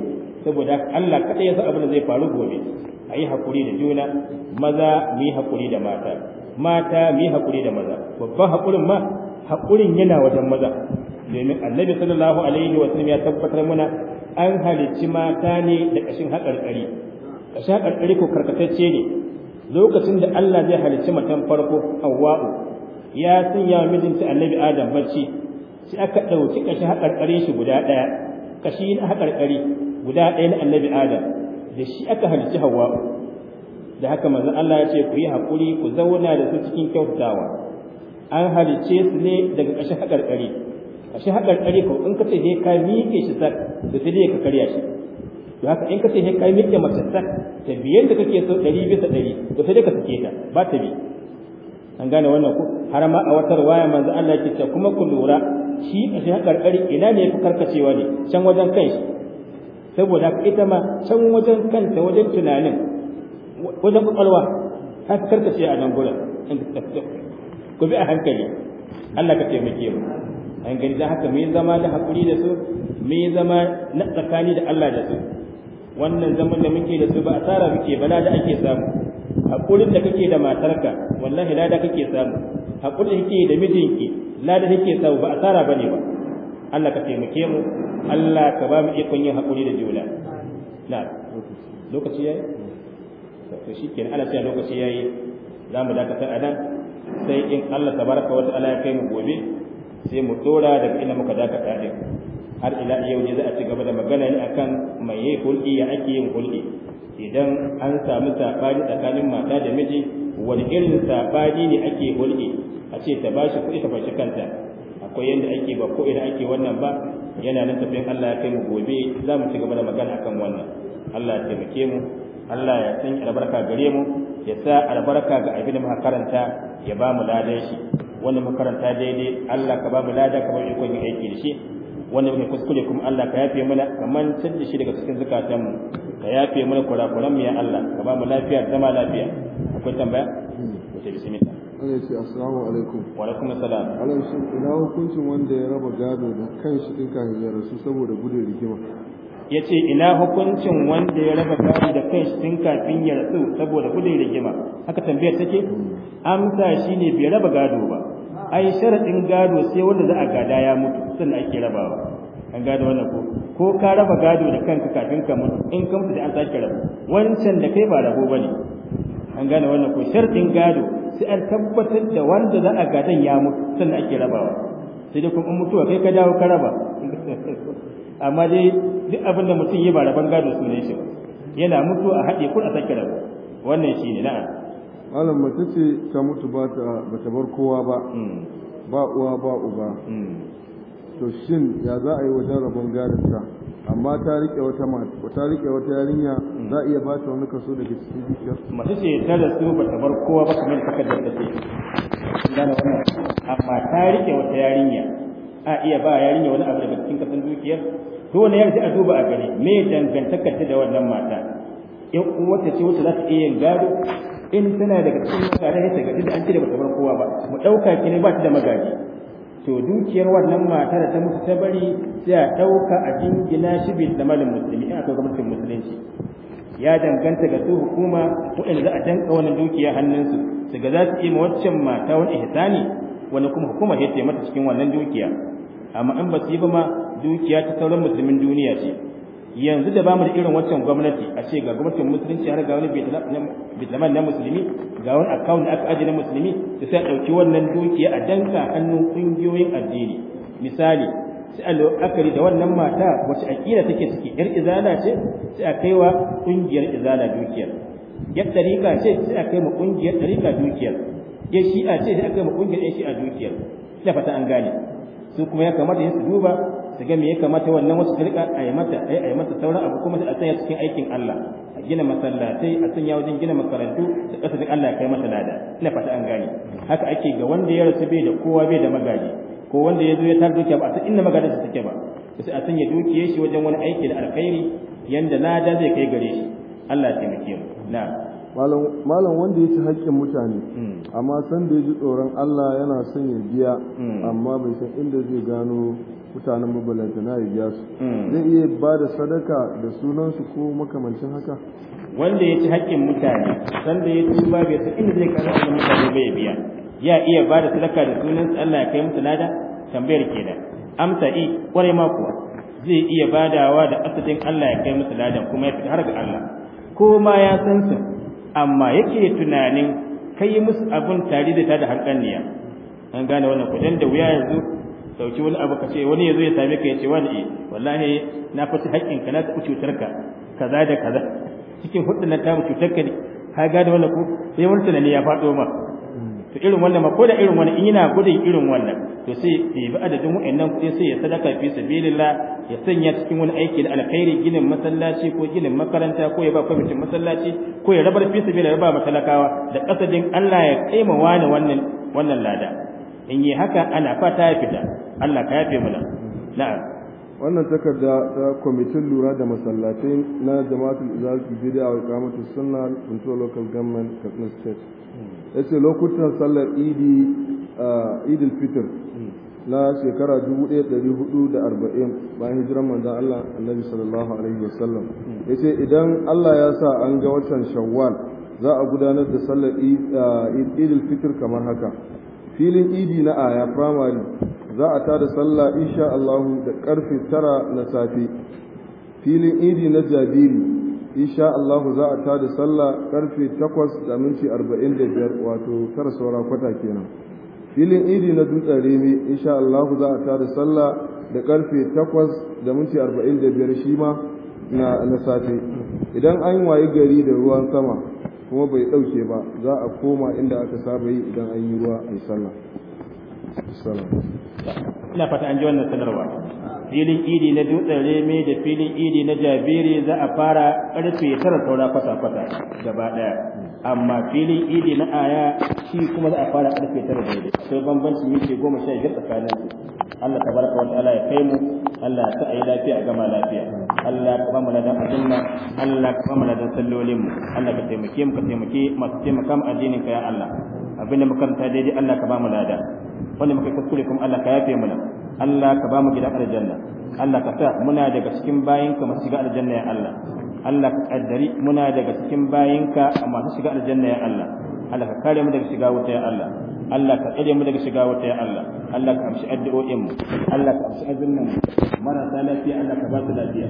Speaker 1: saboda Allah kaɗai ya sa abin da zai faru gobe a yi haƙuri da juna maza mu yi haƙuri da mata mata mu yi haƙuri da maza babban haƙurin ma haƙurin yana wajen maza domin annabi sallallahu alaihi wa sallam ya tabbatar mana an halicci mata ne da ƙashin haƙarƙari ƙashin haƙarƙari ko karkatacce ne lokacin da Allah zai halicci matan farko Hauwa'u ya sanya mijinta annabi Adam barci sai aka ɗauki kashi haƙarƙare shi guda ɗaya kashi na haƙarƙare guda ɗaya na annabi adam da shi aka halici hawa da haka manzo Allah ya ce ku yi haƙuri ku zauna da su cikin kyautatawa an halice su ne daga kashi haƙarƙari kashi haƙarƙari ko in ka ce he ka miƙe shi sak da sai dai ka karya shi to haka in ka ce he ka miƙe mace sak ta biyan da kake so ɗari bisa ɗari to sai dai ka sake ta ba ta bi an gane wannan ko har ma a wata ruwaya manzo Allah ya ce kuma ku lura shi a cikin karkari ina ne fi karkacewa ne can wajen kai saboda ita ma can wajen kanta wajen tunanin wajen kwakwalwa ta fi karkace a nan gudan ku bi a hankali Allah ka taimake mu an gani da haka mai zama da hakuri da su mai zama na tsakani da Allah da su wannan zaman da muke da su ba a tsara muke bala da ake samu hakurin da kake da matarka wallahi lada kake samu hakurin da kake da mijinki lada kake samu ba asara bane ba Allah ka taimake mu Allah ka ba mu ikon yin hakuri da juna na lokaci yayi to shikenan ana cewa lokaci yayi za mu dakatar a nan sai in Allah tabaraka wa ta'ala ya kai mu gobe sai mu tura daga inda muka dakata din har ila yau ne za a ci gaba da magana ne akan mai yi hulɗi ya ake yin hulɗi idan an samu saɓani tsakanin mata da miji wani irin saɓani ne ake hulɗi a ce ta bashi kuɗi ta fashi kanta akwai yadda ake ba ko ina ake wannan ba yana nan tafiyan Allah ya kai mu gobe za mu ci gaba da magana akan wannan Allah ya taimake mu Allah ya san albarka gare mu ya sa albarka ga abin da muka karanta ya ba mu ladan shi wannan makaranta daidai Allah ka ba mu lada ka ba mu ikon yin aiki da shi wanda muke kuskure kuma Allah ka yafe mana ka mantar da shi daga cikin mu ka yafe mana kurakuran mu ya Allah ka ba mu lafiya zama lafiya akwai tambaya ko hmm. ta bismillah
Speaker 3: Allah ce assalamu alaikum wa alaikum assalam Allah shi ina hukuncin wanda ya raba gado da shi din kafin ya rasu saboda gudun rigima
Speaker 1: yace ina hukuncin wanda ya raba gado da shi din kafin ya rasu saboda gudun rigima haka tambayar take hmm. amsa shine bai raba gado ba ai sharadin gado sai wanda za a gada ya mutu sannan ake rabawa an gado wannan ko ko ka raba gado da kanka kafin ka mutu in ka mutu da an sake rabu wancan da kai ba rabo bane an gane wannan ko sharadin gado sai an tabbatar da wanda za a gadan ya mutu sannan ake rabawa sai dai kun mutu mutuwa kai ka dawo ka raba (laughs) amma dai duk abin da mutum yi ba raban gado sunan shi yana mutu a haɗe kun a sake rabu wannan shine na'am
Speaker 3: malam mace ce ta mutu ba ta bar kowa ba hmm. ba uwa ba uba hmm. to shin ya za a yi wajen rabon garinta amma ta rike wata mata ta rike wata yarinya hmm. za a iya ba ta wani kaso daga cikin dukiyar mace ce ta da su ba ta bar kowa ba kamar takardar da take
Speaker 1: gane wannan amma ta rike wata yarinya a iya ba yarinya wani abu daga cikin kasan dukiyar dole ya a duba a gani me dangantakar ta da wannan mata yan uwata ce wacce za ta iya gado in tana daga cikin mutane ta gaji da an cire bata bar kowa ba mu ɗauka ki ne ba ta da magaji to dukiyar wannan mata da ta mutu ta bari sai a ɗauka a jingina shi bil da malin musulmi in aka gwamnatin musulunci ya danganta ga su hukuma ko in za a danka wannan dukiya hannunsu daga za su yi ma waccan mata wani ihsani wani kuma hukuma ya mata cikin wannan dukiya amma in ba su yi ba ma dukiya ta sauran musulmin duniya ce yanzu da bamu da irin waccan gwamnati a ce ga gwamnatin musulunci har ga wani bitlaman na musulmi ga wani account aka ajiye na musulmi da sai dauki ɗauki wannan dukiya a danka hannun ƙungiyoyin addini misali sai allo la'akari da wannan mata wacce akira take ciki yar izala ce sai a kaiwa ƙungiyar izala dukiyar yar tarika ce sai a kai wa ƙungiyar tarika dukiyar ya shi'a ce sai a kai wa ƙungiyar shi'a dukiyar da fata an gane su kuma ya kamata su duba ta ga me ya kamata wannan wasu su rika ai mata eh, ai ai mata sauran abu kuma a sanya cikin aikin Allah a gina masallatai a sanya wajen gina makarantu da da Allah kai mata lada ina fata an gani. haka ake ga wanda ya rasu bai da kowa bai da magaji ko wanda ya zo ya tar dukiya ba a san inda su take ba sai a sanya dukiye shi wajen wani aiki da alkhairi yanda lada zai kai gare shi Allah ya taimake mu na'am
Speaker 3: malam wanda ya ci haƙƙin mutane hmm. amma san da ya ji tsoron Allah yana son ya biya hmm. amma bai san inda zai gano mutanen mabalanta na ya biya su hmm. zai iya ba da sadaka da sunansu ko makamancin haka wanda ya ci haƙƙin mutane san da ya ci ba bai san inda zai gano da mutane
Speaker 1: bai biya ya iya ba da sadaka da sunansu Allah ya kai musu lada tambayar da amsa i eh, kwarai ma kuwa zai iya badawa da asadin Allah ya kai musu ladan kuma ya fita har ga Allah ko ma ya san su amma yake tunanin kai musu abin tare da ta da hankaliya. an gane wannan kudin da wuya yanzu sauki wani abu ka ce wani yazo ya same ka ya ce wani eh, wallahi na fasi haƙƙin ka na taɓa cutar ka kaza da kaza cikin hudun na tamu cutar ka ne ka gane wannan ko sai wani tunani ya faɗo ma to irin wannan ma ko da irin wannan in yana gudun irin wannan to sai ya bi adadin wa'annan kuɗi sai ya sadaka fi sabilillah ya sanya cikin wani aiki da alkhairi ginin masallaci ko ginin makaranta ko ya ba kwamitin masallaci ko ya rabar fi sabilillah ya ba matalakawa da kasadin Allah ya kaima wani wannan wannan lada in yi haka ana fata ya fita Allah ka yafe mana na'am
Speaker 3: wannan takarda ta kwamitin lura da masallatai na jama'atul izal bid'a wa iqamatus sunna control local government Katsina state yace lokutan sallar idi idil fitr na shekara 1440 bayan hijiran manzon Allah annabi sallallahu alaihi wasallam yace idan Allah ya sa an ga watan shawwal za a gudanar da sallar idil fitr kamar haka filin idi na aya primary za a tada sallah insha Allah da karfe tara na safe filin idi na jabiri insha Allah za a tada sallah karfe 8 da minti 45 wato tara saura kwata kenan filin idi na dutsen remi insha Allah za a tada sallah da karfe 8 da minti 45 shi ma na na safe idan an wayi gari da ruwan sama kuma bai dauke ba za a koma inda aka saba yi idan an yi ruwa ai sallah
Speaker 1: ina fata an ji wannan sanarwa filin idi na dutsen reme da filin idi na jabiri za a fara karfe tara saura kwata-kwata gaba daya amma filin idi na aya shi kuma za a fara karfe tara yadda sai bambanci minti goma sha biyar tsakanin su Allah ta baraka wa ala ya kai mu Allah ta ayi lafiya gama lafiya Allah ka bamu ladan aljanna Allah ka bamu ladan sallolin mu Allah ka taimake mu ka taimake masu taimaka mu addinin ka ya Allah abinda mu karanta daidai Allah ka bamu lada wanda muka kuskure kuma Allah ka yafe mana Allah ka ba mu gidan aljanna Allah ka sa muna daga cikin bayinka masu shiga aljanna ya Allah Allah ka kaddari muna daga cikin bayinka masu shiga aljanna ya Allah Allah ka kare mu daga shiga wuta ya Allah Allah ka tsare mu daga shiga wuta ya Allah Allah ka amshi addu'o'in mu Allah ka amshi azumin mu marasa lafiya Allah ka ba su lafiya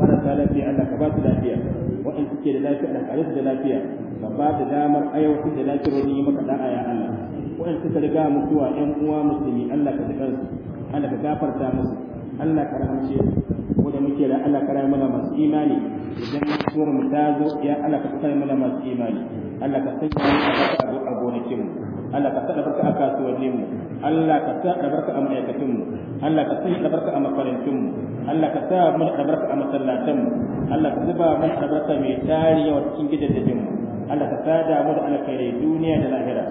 Speaker 1: marasa lafiya Allah ka ba su lafiya waɗanda suke da lafiya Allah ka da lafiya ka ba da damar aiwatar da lafiyar wani maka da'a ya Allah wa'in suka riga mutuwa ƴan uwa musulmi Allah ka ji kansu Allah ka gafarta musu Allah ka rahamce Ko da muke da Allah ka rayu mana masu imani idan mutuwar mu ta zo ya Allah ka tsare mana masu imani Allah ka sanya mu a gonakin mu Allah ka sa barka a kasuwannin mu Allah ka sa barka a ma'aikatan mu Allah ka sa barka a makarantun mu Allah ka sa mana barka a masallatan mu Allah ka zuba mana barka mai tarihi wa cikin gidajen mu Allah ka sada mu da alkhairai duniya da lahira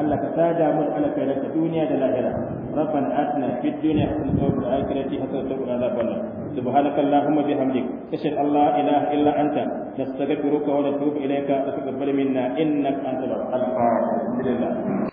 Speaker 1: Allah ka tada mu alkhairin ta duniya da lahira rabban atna fid dunya hasanatan wa fil akhirati hasanatan wa qina adhaban subhanakallahumma bihamdik tashhadu an la ilaha illa anta nastaghfiruka wa natubu ilayka wa tatqabbal minna innaka antal wahhab alhamdulillah